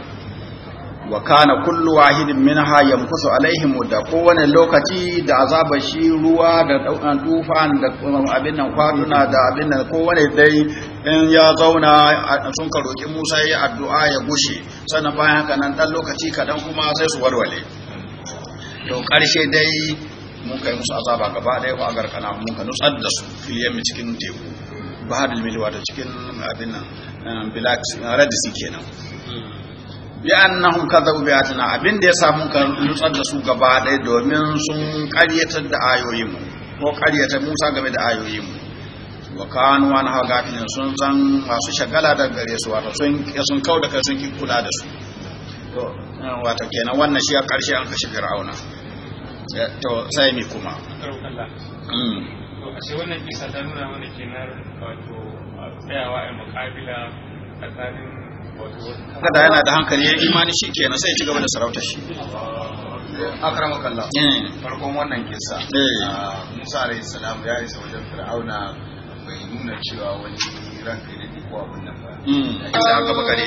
wa kana kullu wahidin minha yamkusu alaihim da kowane lokaci da azabar shi ruwa da daukan tufan da abin nan kwaduna da abin nan kowane dai in ya zauna sun ka roki Musa ya addu'a ya gushe sannan bayan haka nan dan lokaci kadan kuma sai su warware to karshe dai mun kai musu azaba gaba daya ko agar kana mun ka nutsar da su filiyan cikin teku bahadul milwa da cikin abin nan eh, bilax na radisi kenan bi annahum kadzabu bi atina abin da ya samu ka nutsar da su gaba ɗaya domin sun ƙaryatar da ayoyin mu ko ƙaryata Musa game da ayoyin mu wa kanu an ha gafilin sun zan masu shagala da gare su wato sun sun kau da kai sun ki kula da su wato kenan wannan shi a ƙarshe an kashe Fir'auna to sai mi kuma mm. to ashe wannan kisa ta nuna mana kenan wato tsayawa a muƙabila tsakanin kada yana da hankali ya imani shi kenan sai ya ci gaba da sarauta shi akrama kallah farkon wannan kissa Musa alayhi salam ya isa wajen Fir'auna bai nuna cewa wani ranka ne ko abin nan ba sai aka bakare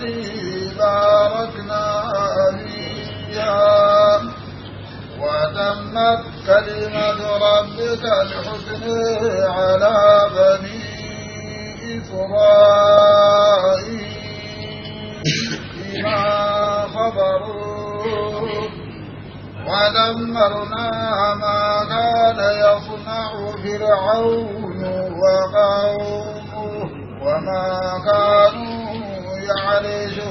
shi الذي باركنا فيها وتمت كلمة ربك الحسن على بني إسرائيل بما خبروا ودمرنا ما كان يصنع فرعون وقومه وما كانوا يعرشون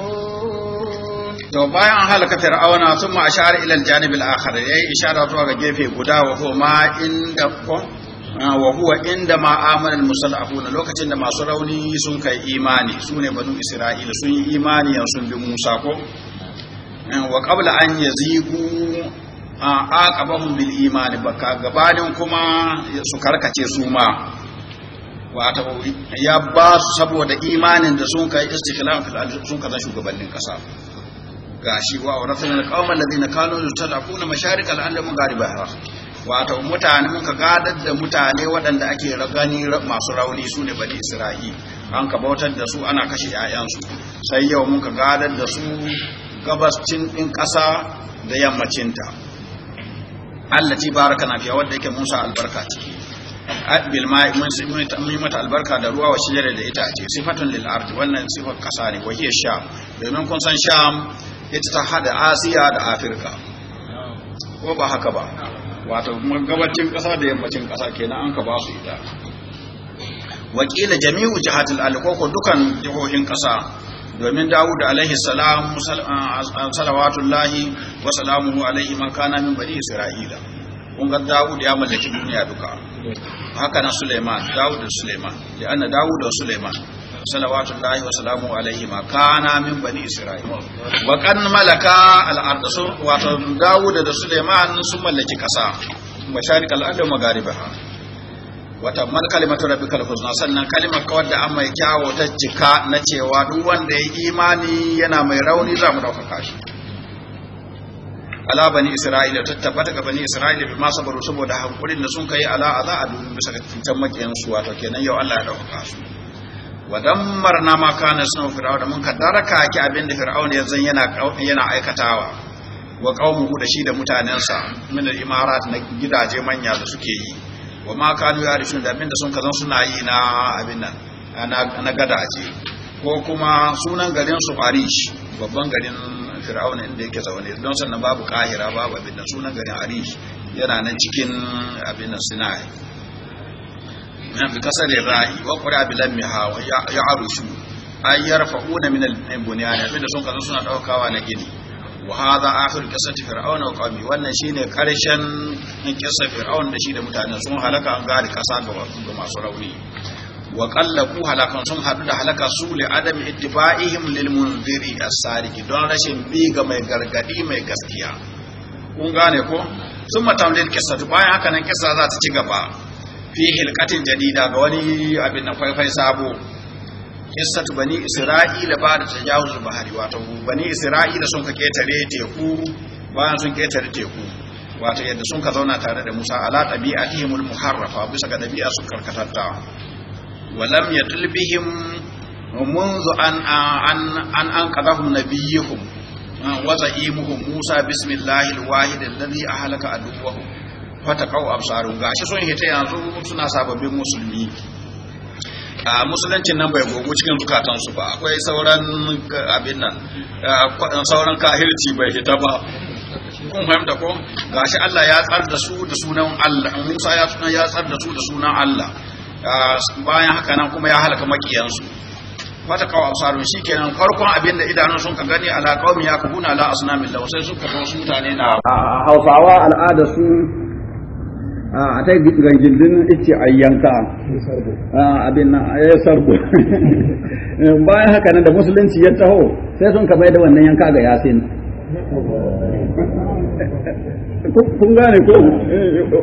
to bayan an halaka fir'auna sun ma ashar ila aljanib al-akhar yayi isharar zuwa ga gefe guda wa huwa ma inda ah, wa huwa inda ma amana al-musallafun lokacin da masu rauni sun kai imani sune banu isra'ila sun yi imani sun bi musa ko ah, wa qabla an yazigu ah, aqabahum bil iman baka gabanin kuma su karkace su ma wata ya ba su saboda imanin da sun kai istikhlal sun kaza shugabannin kasa gashi wa wa warasana alqawma alladhina kanu yutadafuna masharik al-ardi magharibaha wato mutane muka gadar da mutane waɗanda ake ragani masu rauni su ne bani isra'il an ka bautar da su ana kashe 'ya'yansu sai yau muka gadar da su gabas cin din ƙasa da yammacin ta Allah ci baraka na fiya wanda yake Musa albarka ci bil ma'i mun mun tammi mata albarka da ruwa wa shijara da ita ce sifatun lil ardi wannan sifar ƙasa ne wa hiya sham domin kun san sham ita ta hada asiya da afirka ko ba haka ba wato gabacin kasa da yammacin kasa kenan an ka ba su ita wakila jami'u jihatul alkoko dukan jihohin kasa domin dawud alaihi salam salawatullahi wa salamuhu alaihi man kana min bani isra'ila kun ga dawud ya mallaki duniya duka haka na suleiman dawud da suleiman ya anna dawud da suleiman salawatullahi wa salamu alaihi ma kana min bani isra'il wa kan malaka al-ard da suleiman sun mallaki kasa masharik al-ard wa magharibaha wata mal kalimatu rabbikal sannan kalimar kawar da an mai kyawo ta jika na cewa duk wanda ya imani yana mai rauni za mu dauka kashi. ala bani isra'ila ta tabbata ga bani isra'ila bi ma saboda hankulin da sun kai ala a duniya kenan yau Allah ya dauka su wadammar na ma kana sun fir'auna mun ka daraka ki abinda fir'auna ya zan yana yana aikatawa wa ku da shi da mutanensa min al-imarat na gidaje manya da suke yi wa ma kanu rishin da abinda sun kazan suna yi na abin nan na gadaje ko kuma sunan garin su arish babban garin fir'auna inda yake zaune don sannan babu kahira babu abin nan sunan garin arish yana nan cikin abin nan sinai bi kasarin ra'i wa qura bi lamha wa ya'rushu ay yarfa'una min al-bunyan abinda sun kazo suna daukawa na gini wa hadha akhir qissati fir'auna wa qawmi wannan shine karshen kissa fir'aun da shi da mutane sun halaka an gari kasa ga wasu masu rauni wa qallaku halakan sun hadu da halaka su li adam ittifa'ihim lil munziri as-sadiq don rashin bi ga mai gargadi mai gaskiya kun gane ko sun matamlil kissa bayan haka nan kissa za ta ci gaba fi hilkatin jadida ga wani abin na faifai sabo kissatu bani isra'ila ba da tajawuzul bahari wato bani isra'ila sun ka ketare teku bayan sun ketare teku wato yadda sun ka zauna tare da Musa ala tabi'atihimul muharrafa bisa ga dabi'a su karkatatta walam yatul bihim منذ أن أن أن أنقذهم نبيهم وزعيمهم موسى بسم الله الواحد الذي أهلك عدوهم fata kawo ga shi sun hita yanzu suna sababbin musulmi a musuluncin nan bai gogo cikin zukatansu ba akwai sauran abin nan sauran kahirci bai hita ba kun fahimta ko Ga shi Allah ya tsar da su da sunan Allah Musa ya sunan ya tsar da su da sunan Allah bayan haka nan kuma ya halaka makiyansu wata kawo absarun shikenan farkon abin da idanun sun ka gani ala qaumi yakuna la asnamin law sai sun kawo su mutane na Hausawa al'ada su Ah, a ta yi gindin ice a yanka ah, abin na ya eh, sarko bayan haka nan da musulunci ya taho sai sun kamar da wannan yanka ga yasin kun gane ko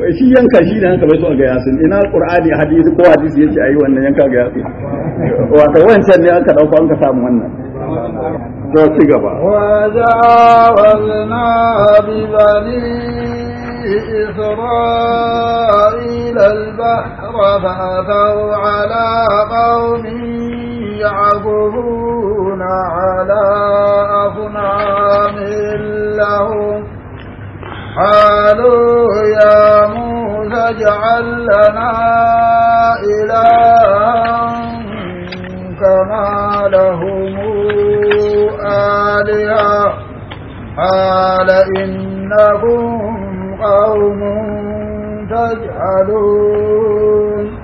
eh, shi yanka shi ne haka bai so ga yasin ina qur'ani hadisi ko hadisi yace ayi wannan yanka ga yasin wato wancan ne aka dauko an ka samu wannan to ci gaba wa za'awna bi bani إسرائيل البحر فأتوا على قوم يعبدون على أصنام لهم قالوا يا موسى اجعل لنا إلها كما لهم آلهة قال إنكم قوم تجهلون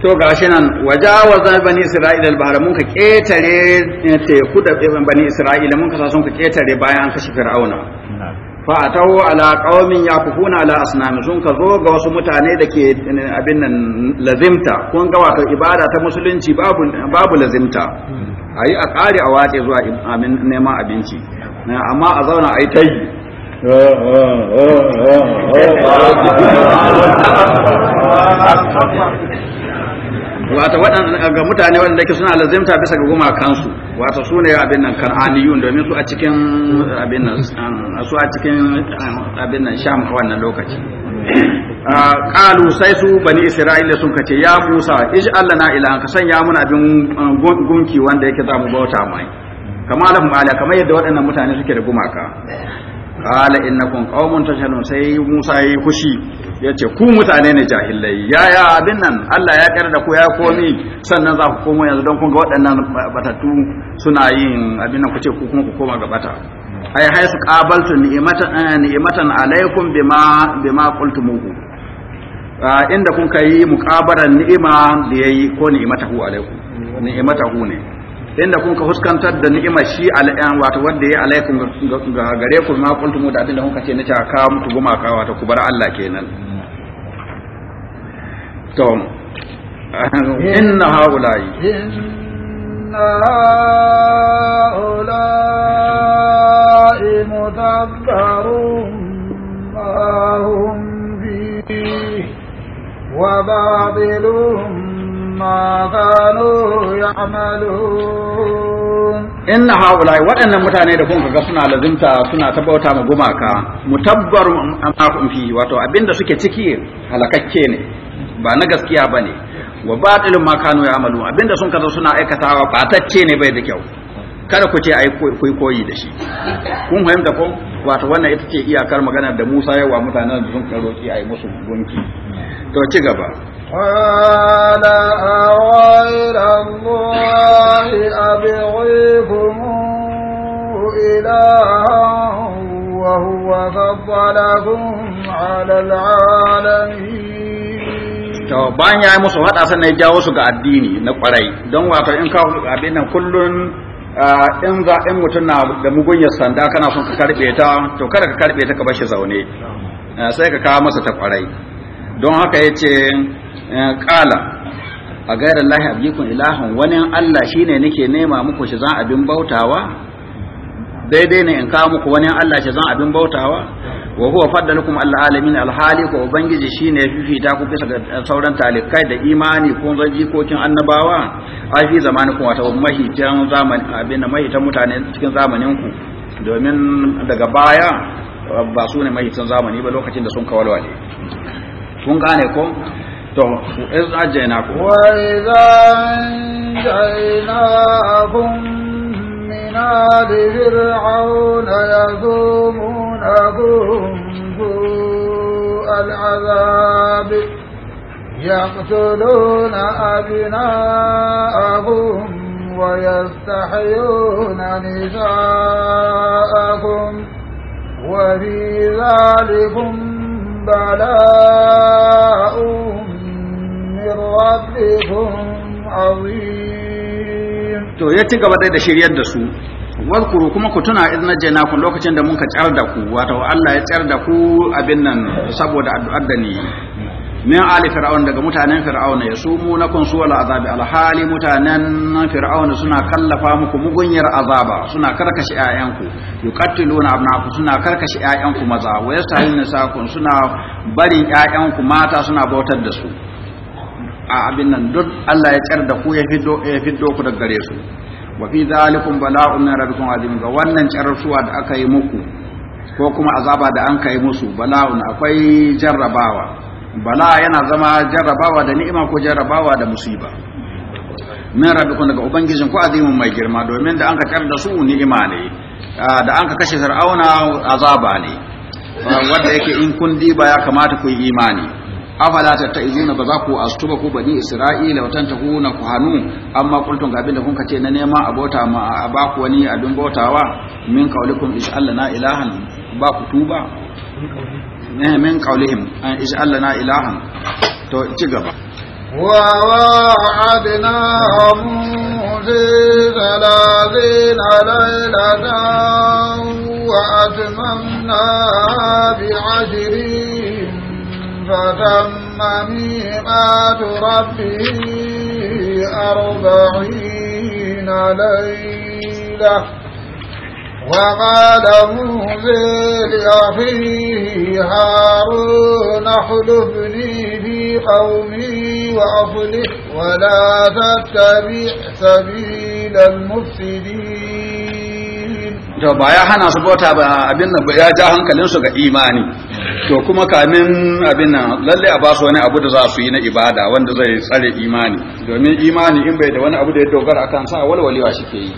to gashi nan wajawaza bani isra'ila al-bahra mun ka ketare eh, teku da bani isra'ila mun ka sun ka ketare bayan an kashe fir'auna fa atawu ala qaumin yakufuna ala asnami sun ka zo ga wasu mutane da ke eh, abin nan lazimta kun ga wato ibada ta musulunci babu babu lazimta ayi hmm. a kare a wace zuwa amin neman abinci amma a zauna a yi tayi wata waɗanda ga mutane waɗanda ke suna lazimta bisa ga gumakansu wata su ne abin nan kan'aniyun domin su a cikin abin nan su a cikin abin nan sham a wannan lokaci ƙalu sai su bani isra'ila sun kace ya musa Allah na ila ka sanya mun abin uh, gunki wanda yake za mu bauta mai kamar lahum ala kamar yadda waɗannan mutane suke da gumaka qala innakum qaumun tashhadun sai Musa yayi fushi yace ku mutane ne jahilai yaya abin nan Allah ya kar da ku ya komi sannan za ku komo yanzu don kun ga waɗannan batatu suna yin abin nan kuce ku kuma ku koma ga bata ai hay su qabaltu ni'matan eh, ni'matan alaikum bima bima qultumuhu ah, inda kun kai muqabaran ni'ima da yayi ko ni'matahu alaikum ni'matahu ne inda kun ka huskantar da ni'ima shi al'an wato wanda ya alaikum ga gare ku ma mu da abin da kun ce na ta ka mutu goma ka wato ku bar Allah kenan to inna haula'i inna haula'i mutabbaru ma hum bi wa babilun in na يعملون waɗannan mutane da kun ga suna lazimta suna ta bauta ma gumaka mutabbar amakun fi wato abinda suke ciki halakakke ne ba na gaskiya bane wa batilin ma kanu amalu abinda sun kaza suna aikatawa batacce ne bai da kyau kada ku ce ai ku koyi da shi kun fahimta ko wato wannan ita ce iyakar magana da Musa yawa mutanen da sun karo ki ai musu gunki to ci gaba qala awayra allahi abghikum wa huwa ala alalamin to bayan ya yi musu hada sannan jawo su ga addini na kwarai don wato in ka abin nan kullun Ah, in za in mutum na da mugunyar sanda kana son ka karbe ta to kada ka karbe ta ka shi zaune ah, sai ka kawo masa ta kwarai don haka yace qala eh, a gairan lahi abikun ilahan wani Allah shine nake nema muku shi zan abin bautawa daidai ne in kawo muku wani Allah shi zan abin bautawa wa huwa faddalukum alamin alhali ko ubangiji shine ya fita ku bisa ga sauran talikai da imani ko jikokin annabawa ai fi wata wato mahitan zamanin abin mahitan mutane cikin zamanin ku domin daga baya ba su ne mahitan zamani ba lokacin da sun kawalwale kun gane ko to wa وقضينا لفرعون يسومونكم سوء العذاب يقتلون أبناءهم ويستحيون نساءهم وفي ذلكم بلاء من ربكم عظيم to ya ci gaba da shiryar da su wazkuru kuma ku tuna idan najena ku lokacin da muka tsar da ku wato Allah ya tsar da ku abin nan saboda addu'ar da ni min ali fir'aun daga mutanen fir'aun ya sumu na kun su wala azabi al hali mutanen fir'aun suna kallafa muku mugunyar azaba suna karkashi ƴaƴanku yuqatiluna abnaaku suna karkashi ƴaƴanku maza wa yastahilna sakun suna barin 'ya'yanku mata suna bautar da su A abin nan duk Allah ya tsar da ku ya fiddo ya fiddo ku daga gare su wa fi zalikum bala'un min rabbikum azim ga wannan tsarsuwa da aka yi muku ko kuma azaba da an kai musu bala'un akwai jarrabawa bala yana zama jarrabawa da ni'ima ko jarrabawa da musiba min rabbikum daga ubangijin ku azimin mai girma domin da an ka tsar da su ni'ima ne da an ka kashe fir'auna azaba ne wanda yake in kun diba ya kamata ku yi imani afala tattaizuna ba za ku astuba ku bani isra'ila watan ta kuna ku hanu amma kultun ga abin da kun kace na nema abota ma a ba ku wani abin bautawa min qaulikum na ilahan ba ku tuba ne min eh, qaulihim Allah na ilahan to ci gaba وواعدناهم موسى ثلاثين ليلة وأتممنا بعشرين فتمني ميقات ربي أربعين ليلة وقال موسى لأخيه هارون احلفني في قومي وأصلح ولا تتبع سبيل المفسدين to ba ya hana su bota ba abin nan ya ja hankalin su ga imani to kuma kamin abin nan lalle a ba su wani abu da za su yi na ibada wanda zai tsare imani domin imani in bai da wani abu da ya dogara akan sa walwalewa shi ke yi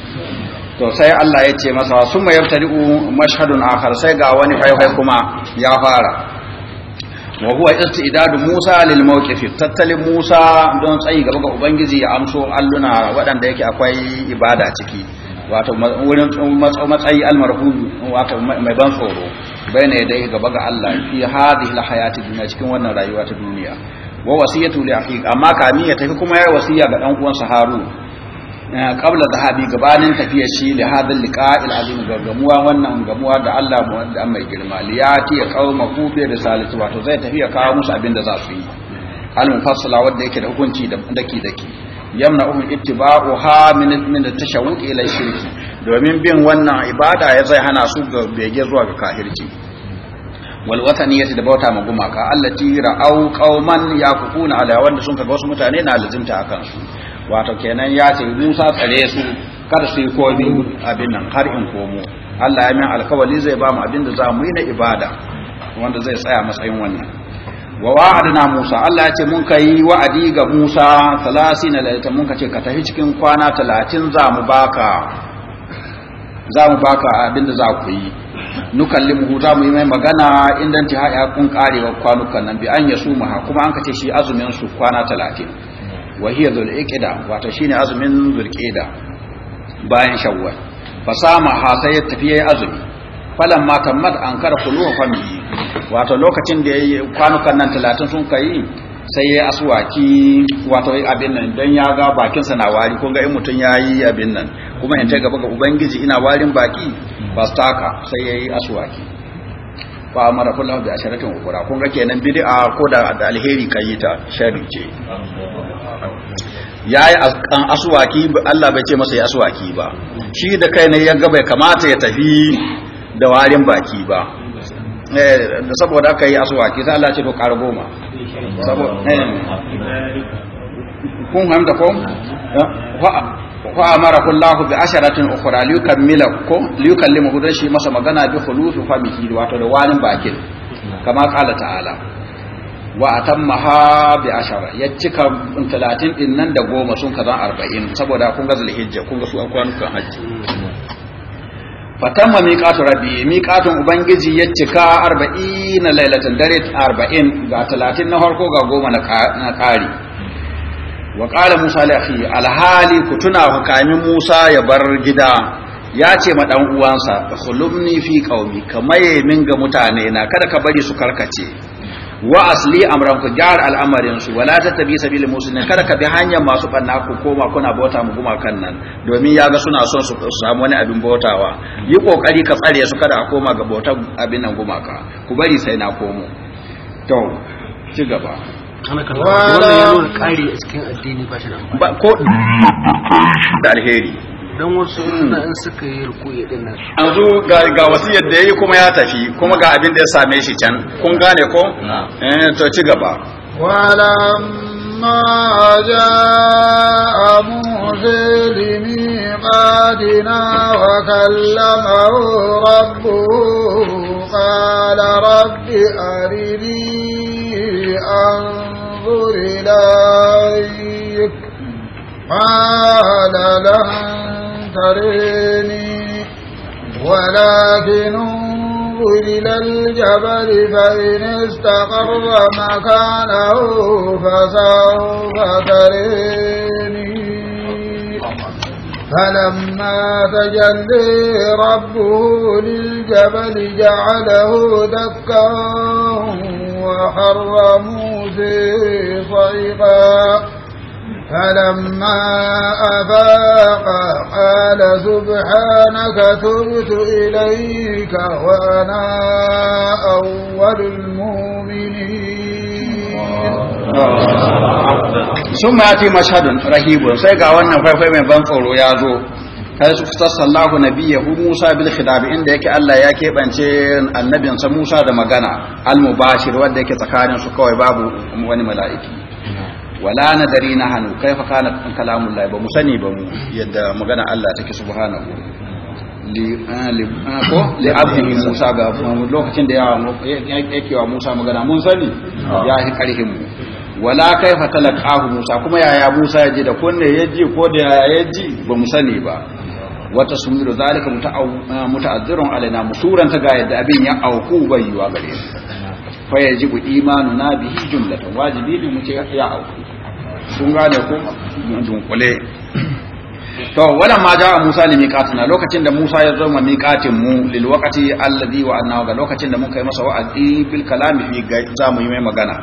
to sai Allah ya ce masa sun mai yabtadi'u mashhadun akhar sai ga wani faifai kuma ya fara wa huwa istidadu Musa lil mawqif tattalin Musa don tsayi gaba ga ubangiji ya amso alluna waɗanda yake akwai ibada ciki wato wurin matsayi almarhum wato mai ban tsoro bayna yadai gaba ga Allah fi hadhihi alhayati dunya cikin wannan rayuwa ta duniya wa wasiyatu li akhi amma kamin ya tafi kuma ya wasiya ga dan uwansa Harun eh, qabla zahabi gabanin tafiya shi li hadal liqa'il azim gamuwa wannan gamuwa da Allah mu'adda mai girma liyati ya qauma da risalatu wato zai tafi ya kawo musu abin da za su yi al-mufassala wanda yake da hukunci da daki daki ittiba'u ha min min tashawwuq ila shirki domin bin wannan ibada ya zai hana su ga bege zuwa ga kafirci wal wataniyati da bauta ma gumaka allati ra'au qauman yakufuna ala wanda sun kaga wasu mutane na lazimta akan su wato kenan ya ce Musa tsare su kada su yi komi abin nan har in komo Allah ya min alkawali zai ba mu abin da za mu yi na ibada wanda zai tsaya matsayin wannan wa wa'adna Musa Allah ya ce mun kai wa'adi ga Musa 30 laita mun ka ce ka tafi cikin kwana 30 za mu baka za mu baka abinda za ku yi nukallimu za mu yi mai magana inda ta haɗa kun karewa kwanukan nan bi an yasu ha kuma an ka ce shi azumin su kwana 30 wa hiya zul iqda wato shine azumin zul iqda bayan shawwal sama ha sai ya tafi yayi azumi falamma tammat an kar kullu famihi wato lokacin da yayi kwanukan nan talatin sun kai sai yayi aswaki wato abin nan dan ya ga bakin sa na wari kun ga in mutun yayi abin nan kuma in ta gaba ga ubangiji ina warin baki ba taka sai yayi aswaki fa amara kullahu da asharatin ukura kun ga kenan bid'a ko da alheri kai ta sharri ce ya yi an asuwaki Allah bai ce masa ya asuwaki ba shi da kai ne ya bai kamata ya tafi da warin baki ba Eh, saboda aka yi asuwaki sai Allah ce to ƙara goma eh. kun hamda ko fa amara kullahu bi asharatin ukhra li yukammila ko li yukallimu hudan shi masa magana bi khulufi famihi wato da wani bakin kama qala ta'ala wa atammaha bi ashara ya cika 30 din nan da goma sun kaza 40 saboda kun ga zulhijja kun ga su akwanukan hajji fatamma miqatu rabbi miqatun ubangiji ya cika 40 na lailatan dare 40 ga 30 na harko ga goma na kari wa qala musa li akhi alhali kutuna hukamin musa ya bar gida ya ce ma dan uwansa khulumni fi qaumi kamaye min ga mutane na kada ka bari su karkace wa asli amran ku gyara al'amarin su wala tabi sabil muslimin kada ka bi hanyar masu banna ku koma kuna bauta mu gumakan kan nan domin ya ga suna son su samu wani abin bautawa yi kokari ka tsare su kada a koma ga bautar abin nan ka ku bari sai na komo to ci gaba wala ya nuna kari a cikin addini ba shi da ko da alheri don wasu suna in suka yi rukuyi din nan yanzu ga ga wasiyar da yayi kuma ya tafi kuma ga abin da ya same shi can kun gane ko eh to ci gaba wala ma ja jaa zalimi limiqatina wa kallama rabbu qala rabbi arini anzur ilayk قال لن تريني ولكن انظر إلى الجبل فإن استقر مكانه فسوف تريني فلما تجلي ربه للجبل جعله دكا وحر موسي صيقا فلما أفاق قال سبحانك تبت إليك وأنا أول المؤمنين ثم يأتي مشهد رهيب سيقع وانا فايفاي من بانطور ويازو Kai su fitar sallahu nabiyahu Musa bil khidab inda yake Allah ya keɓance annabinsa Musa da magana al-mubashir wanda yake tsakanin su kawai babu wani mala'iki wala nadari na hannu kai fa kana kalamun lai ba mu sani ba mu yadda magana Allah take subhanahu li ah, ah, ko li abdi Musa ga lokacin da yake wa Musa magana mun sani ah. ya hi karhim wala kai fa talaqahu Musa kuma yaya Musa ya ji da kunne ya ji ko da yaya ya ji ba mu sani ba wata sumiru zalika muta'azzirun alaina musuran ta ga yadda abin ya auku bai yiwa gare shi fa yajibu imanuna bihi jumlatan wajibi ne mu ce ya auku sun gane ku dunkule to wala ma ja'a Musa mi miqatina lokacin da Musa ya zama katin mu lil waqti alladhi wa anna ga lokacin da mun kai masa wa'azi bil kalami fi za mu yi mai magana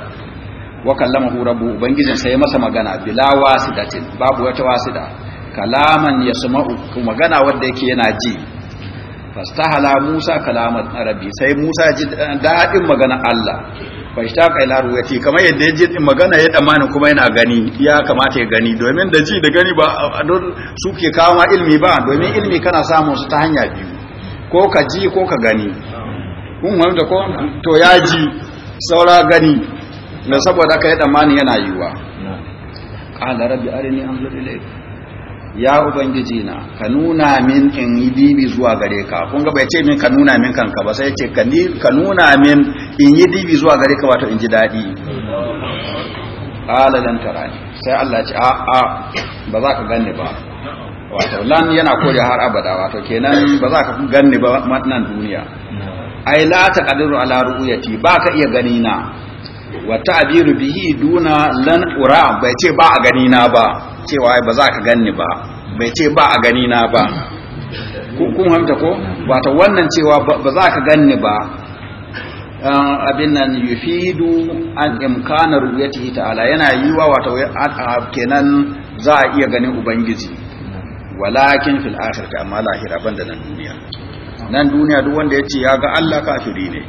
wa kallamahu rabbu ubangijin sai masa magana bila wasidatin babu wata wasida kalaman yasma'u magana wanda yake yana ji fastahala Musa kalamat arabi sai Musa ji dadin magana Allah fa ishtaqa ila ru'yati kamar yadda ya ji magana ya tsammanin kuma yana gani ya kamata ya gani domin da ji da gani ba don su ke kawo ma ilmi ba domin ilmi kana samu su ta hanya biyu ko ka ji ko ka gani kun wani da ko to ya ji saura gani na saboda ka ya tsammanin yana yiwa qala rabbi arini anzur ilayka ya ubangiji na ka nuna min in yi dibi zuwa gare ka kun ga bai ce min ka nuna min kanka ba sai ce ka nuna min in yi dibi zuwa gare ka wato in ji daɗi alalan tarani sai Allah ce a'a ba za ka ganni ba wato lan yana kore har abada wato kenan ba za ka ganni ba nan duniya ai la kadiru ala ru'yati ba ka iya gani na wa ta'biru bihi duna lan ura bai ce ba a gani na ba cewa ba za ka ganni ba bai ce ba a gani na ba kun hamta ko wato wannan cewa ba za ka ganni ba eh, abin nan yufidu an imkana ru'yatihi ta'ala yana yiwa wato kenan za a iya ganin ubangiji walakin fil akhirati amma lahira banda nan duniya nan duniya duk wanda ya ce ya ga Allah kafiri ne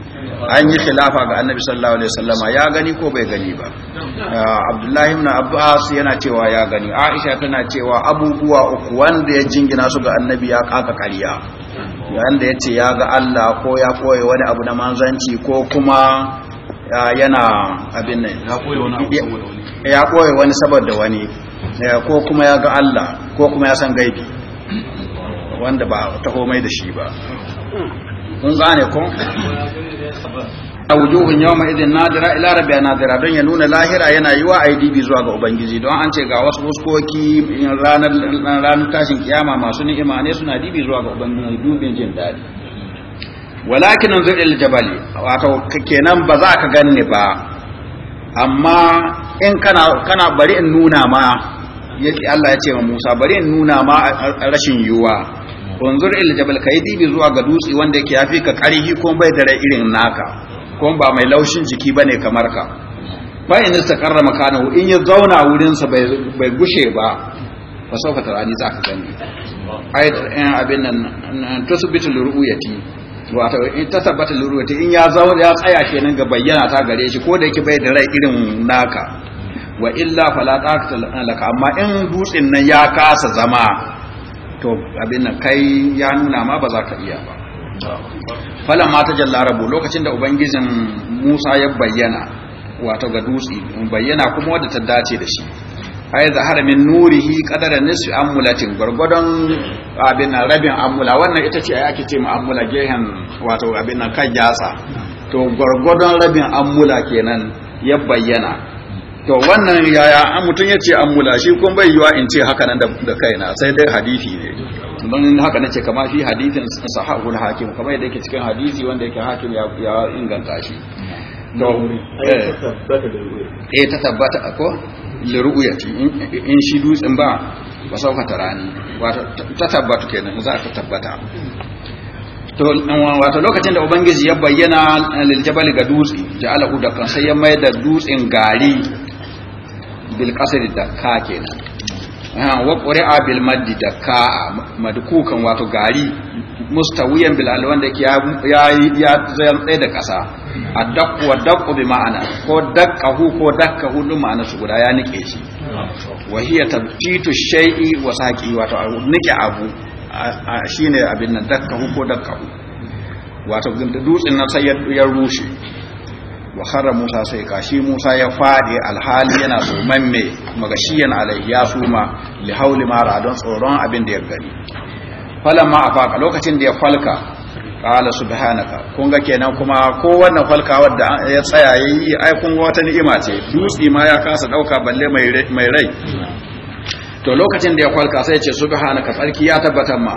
an yi khilafa ga annabi sallallahu alaihi wasallama ya gani ko bai gani ba uh, abdullahi ibn abbas yana cewa ya gani aisha tana cewa abubuwa uku wanda ya jingina su ga annabi ya kaka kariya wanda ya ce ya ga Allah ko ya koyi wani abu na manzanci ko kuma uh, yana abin nan ya koyi wani saboda wani uh, ko kuma ya ga Allah ko kuma ya san gaibi wanda ba ta homai da shi ba hmm. kun zane kun a wujuhun yau mai idin nadira ila rabia nadira don ya nuna lahira yana yi wa idb zuwa ga ubangiji don an ce ga wasu fuskoki ranar tashin kiyama masu ni'ima ne suna dibi zuwa ga ubangiji dubin jin daɗi walakin zai ila jabali wato kenan ba za ka ganni ba amma in kana bari in nuna ma Allah ya ce wa Musa bari in nuna ma rashin yiwuwa wanzur il jabal kaidi dibi zuwa ga dutse wanda yake yafi ka karihi ko bai da rai irin naka ko ba mai laushin jiki bane kamar ka fa in istakarra makanahu in ya zauna wurin sa bai gushe ba fa sauka tarani zaka gani ayat in eh, abin nan eh, tusbitu liruyati wato in ta tabbata liruyati in ya zauna ya tsaya kenan ga bayyana ta gare shi ko da yake bai da rai irin naka wa illa fala taqta laka amma in dutsin nan ya kasa zama to abin nan kai ya nuna ma ba za ka iya ba falan ma ta jallarabu lokacin da ubangijin musa ya bayyana wato ga dutse bayyana kuma wadda ta dace da shi ai zahara min nurihi qadara nisfi amulatin gurgudan abin nan rabin amula wannan ita ce ai ake ce ma amula gehen wato abin nan kan yatsa to gurgudan rabin amula kenan ya bayyana to wannan yaya mutum ya ce an mula shi kun bai yiwa in ce haka nan da kaina sai dai hadisi ne don haka nace kama fi hadisin sahahul hakim kamar yadda yake cikin hadisi wanda yake hakim ya inganta shi to eh, eh ta tabbata ko liru'yati in shi dutsen ba ba sauka tarani wato ta tabbata kenan za ta tabbata to wato lokacin da ubangiji ya bayyana liljabal ga dutse ja'alahu da kan sai ya mai da dutsen gari bil da dakka kenan wa qur'a bil maddi ka madkukan wato gari mustawiyan bil alwan da ke ya ya zayan tsaye da kasa addaqu wa daqu bi ma'ana ko daqqahu ko dakkahu dun ma'ana su guda ya nike shi wa hiya tabtitu shay'i wa saqi wato nike abu shine abin nan dakkahu ko dakkahu wato dutsen na sai ya rushe wa harra musa sai kashi musa ya fadi alhali yana tsoman mai magashiyan alai ya suma li hauli mara don tsoron abin da ya gani a afaka lokacin da ya falka qala subhanaka kun ga kenan kuma ko wannan falka wadda ya tsaya yayi ai kun wata ni'ima ce dutsi ma ya kasa dauka balle mai mai rai to lokacin da ya falka sai ya ce subhanaka tsarki ya tabbatar ma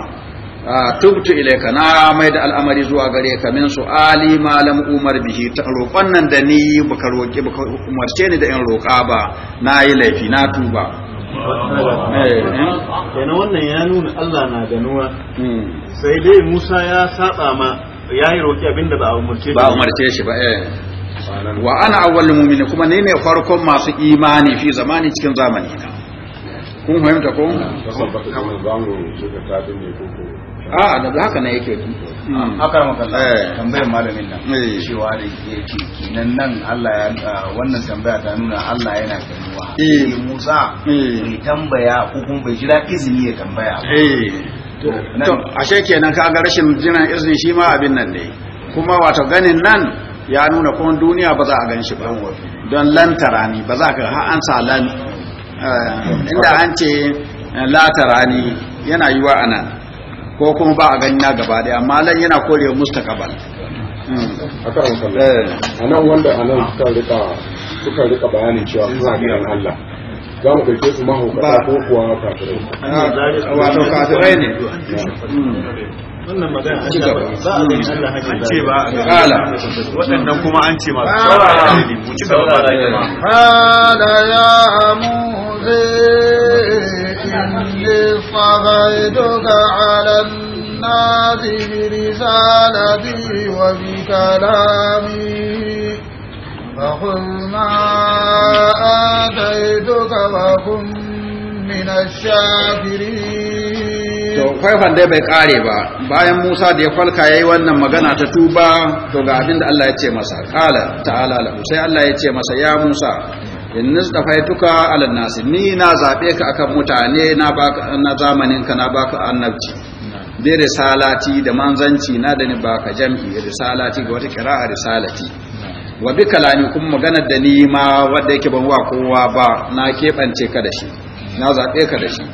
Ah, tubtu ilayka na mai da al'amari zuwa gare ka min su'ali ma lam umar bihi ta roƙon nan da ni baka roƙi baka umarce ni da in roƙa ba na yi laifi na tuba eh, eh. kenan wannan ya nuna Allah na ganuwa hmm. sai dai Musa ya saba ma ya yi roƙi abinda ba a umarce ba umarce shi ba eh wa ana awwalul mu'mini kuma ni ne farkon masu imani fi zamani cikin zamani kun fahimta ko a da haka na yake ki hmm. haka maka kallon eh. tambayar malamin nan eh. cewa da ya kinan nan Allah ya ah, wannan tambaya ta nuna Allah yana ganuwa eh Musa eh. bai tambaya ko kuma bai jira izini ya tambaya to ashe kenan ka ga rashin jiran izini shi ma abin nan ne kuma wato ganin nan ya nuna kuma duniya ba za a gan shi ba don lantara ni ba za ka ha an sa lan inda an ce latara ni yana yiwa anan ko kuma ba a gani na gaba daya amma lan yana korewa mustaqbal hmm. a eh. nan wanda a nan suka rika suka rika bayanin cewa suna gidan Allah za mu kai su mahaukata ko kuwa kafirai ah, wato kafirai ne hmm. wannan magana ce ba ba a a hmm. ce ba a ce ba a ce ba A ce ba a saurara ne mu ci gaba ya mu إني صغيتك على الناس برسالتي وبكلامي فخذ ما آتيتك وكن من الشاكرين to faifan dai bai kare ba bayan Musa da ya falka yi wannan magana ta tuba to ga abin da Allah ya ce masa ƙala ta'ala lahu sai Allah ya ce masa ya Musa in nistafaituka ala nasi ni na zabe ka akan mutane na baka na zamanin ka na baka annabci da risalati da manzanci na da ni baka jam'i risalati ga wata qira'a risalati wa bi kalani kuma maganar da ni ma wanda yake ban wa kowa ba na kebance ka da shi na zabe ka da shi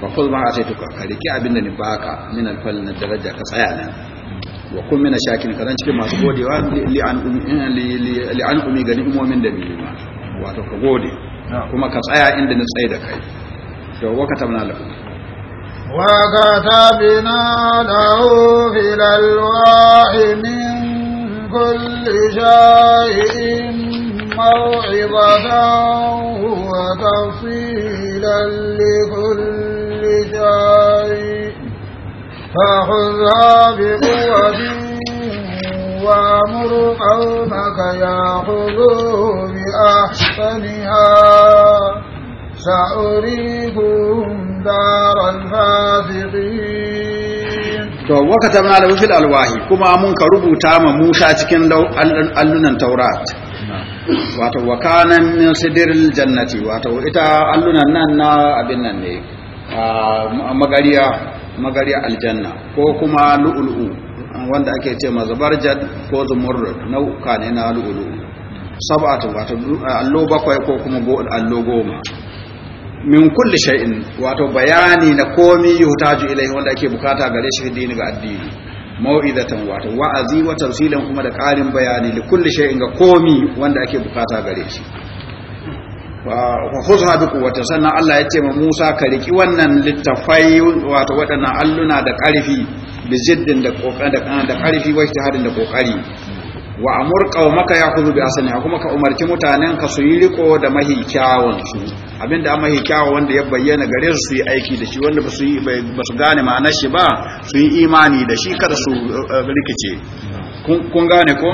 fa kul ma ataituka ka riki abin da ni baka min alfal na daraja ka tsaya nan wa kun mina shakin ka cikin masu godewa li an umi eh, ga umomin da ni ma wato ka gode kuma ka tsaya inda na tsaye da kai to waka tamna lahu wa katabna lahu fil alwahi min kulli shay'in maw'izatan wa tafsilan li kulli shay'in فخذها بقوة وامر قومك يأخذوا بأحسنها سأريكم دار الفاسقين to wakatabna lahu fil alwahi kuma mun ka rubuta ma Musa cikin allunan Taurat wato wakanan min sidiril jannati wato ita allunan nan na abin nan ne magariya magariya aljanna ko kuma lu'ulu'u wanda ake ce ma jad ko zumurrud nau'uka ne na lu'ulu sab'atu wato allo bakwai ko kuma allo goma min kulli shay'in wato bayani na komi yutaju ilaihi wanda ake bukata gare shi dini ga addini mau'izatan wato wa'azi wa tafsilan kuma da ƙarin bayani li kulli shay'in ga komi wanda ake bukata gare shi wa khuzha bi quwwatin sannan Allah ya ce ma Musa ka riki wannan littafai wato waɗannan alluna da ƙarfi da jiddin da ah, da ƙarfi wa ijtihadin da kokari wa amur qaumaka ya'khudhu bi asani kuma ka umarci mutanen ka su yi riko da mahi kyawun su abinda mahi kyawun wanda ya bayyana gare su su yi aiki da shi wanda su yi su gane ma'anar shi ba su yi imani da shi kada su eh, rikice kun gane ko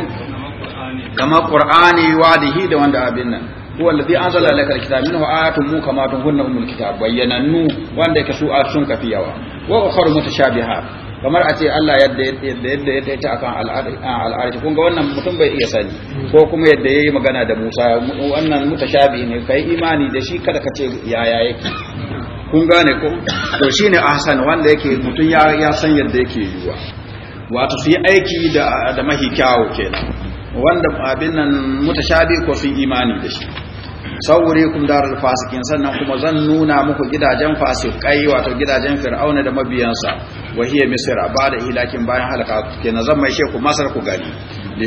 kama qur'ani wadihi da wanda abin nan huwa alladhi anzala alayka alkitaba minhu ayatun mukamatun hunna umul kitab bayyanannu wanda yake su a sun kafiyawa wa ukhra mutashabihat kamar a ce Allah yadda yadda ya taita akan al'arshi kun ga wannan mutum bai iya sani ko kuma yadda ya yi magana da Musa wannan mutashabi ne kai imani da shi kada ka ce yaya yake kun gane ko to shine ahsan wanda yake mutum ya san yadda yake yiwa wato su yi aiki da mahi kyawo kenan wanda abin nan mutashabi ko sun imani da shi saurikum darar fasikin sannan kuma zan nuna muku gidajen fasikai wato gidajen fir'auna da mabiyansa wa hiya misr ba'da hilakin bayan halaka na zan mai sheku masar ku gani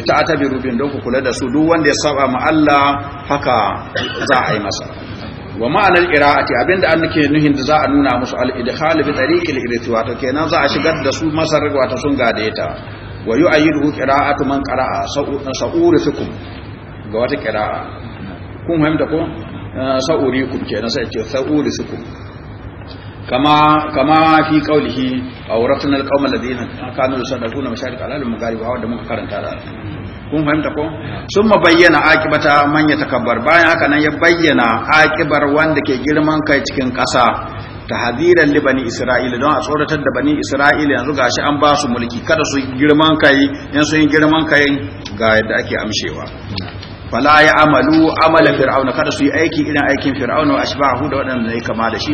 ta bi rubin don ku kula da su duk wanda ya saba ma'alla haka za a yi masa wa ma'anar qira'ati abinda an nake nuhin da za a nuna musu al bi tariqil wato kenan za a shigar da su masar wato sun gade ta wa yu'ayyidu qira'atu man qara'a sa'urifukum ga wata qira'a kun fahimta ko eh, sa'urikum kenan sai ce sa'urisukum kama kama fi qawlihi awratna alqawma alladhina kanu yusaddaquna masharik alal magharib wa da muka karanta da kun fahimta ko summa bayyana akibata man yatakabbar bayan haka nan ya bayyana akibar wanda ke girman kai cikin ƙasa ta li bani isra'ila don a tsoratar da bani isra'ila yanzu gashi an ba su mulki kada su girman kai yan su yin girman kai ga yadda ake amshewa fala ya amalu amala fir'auna kada su yi aiki idan aikin fir'auna wa ashbahu da waɗanda ya kama da shi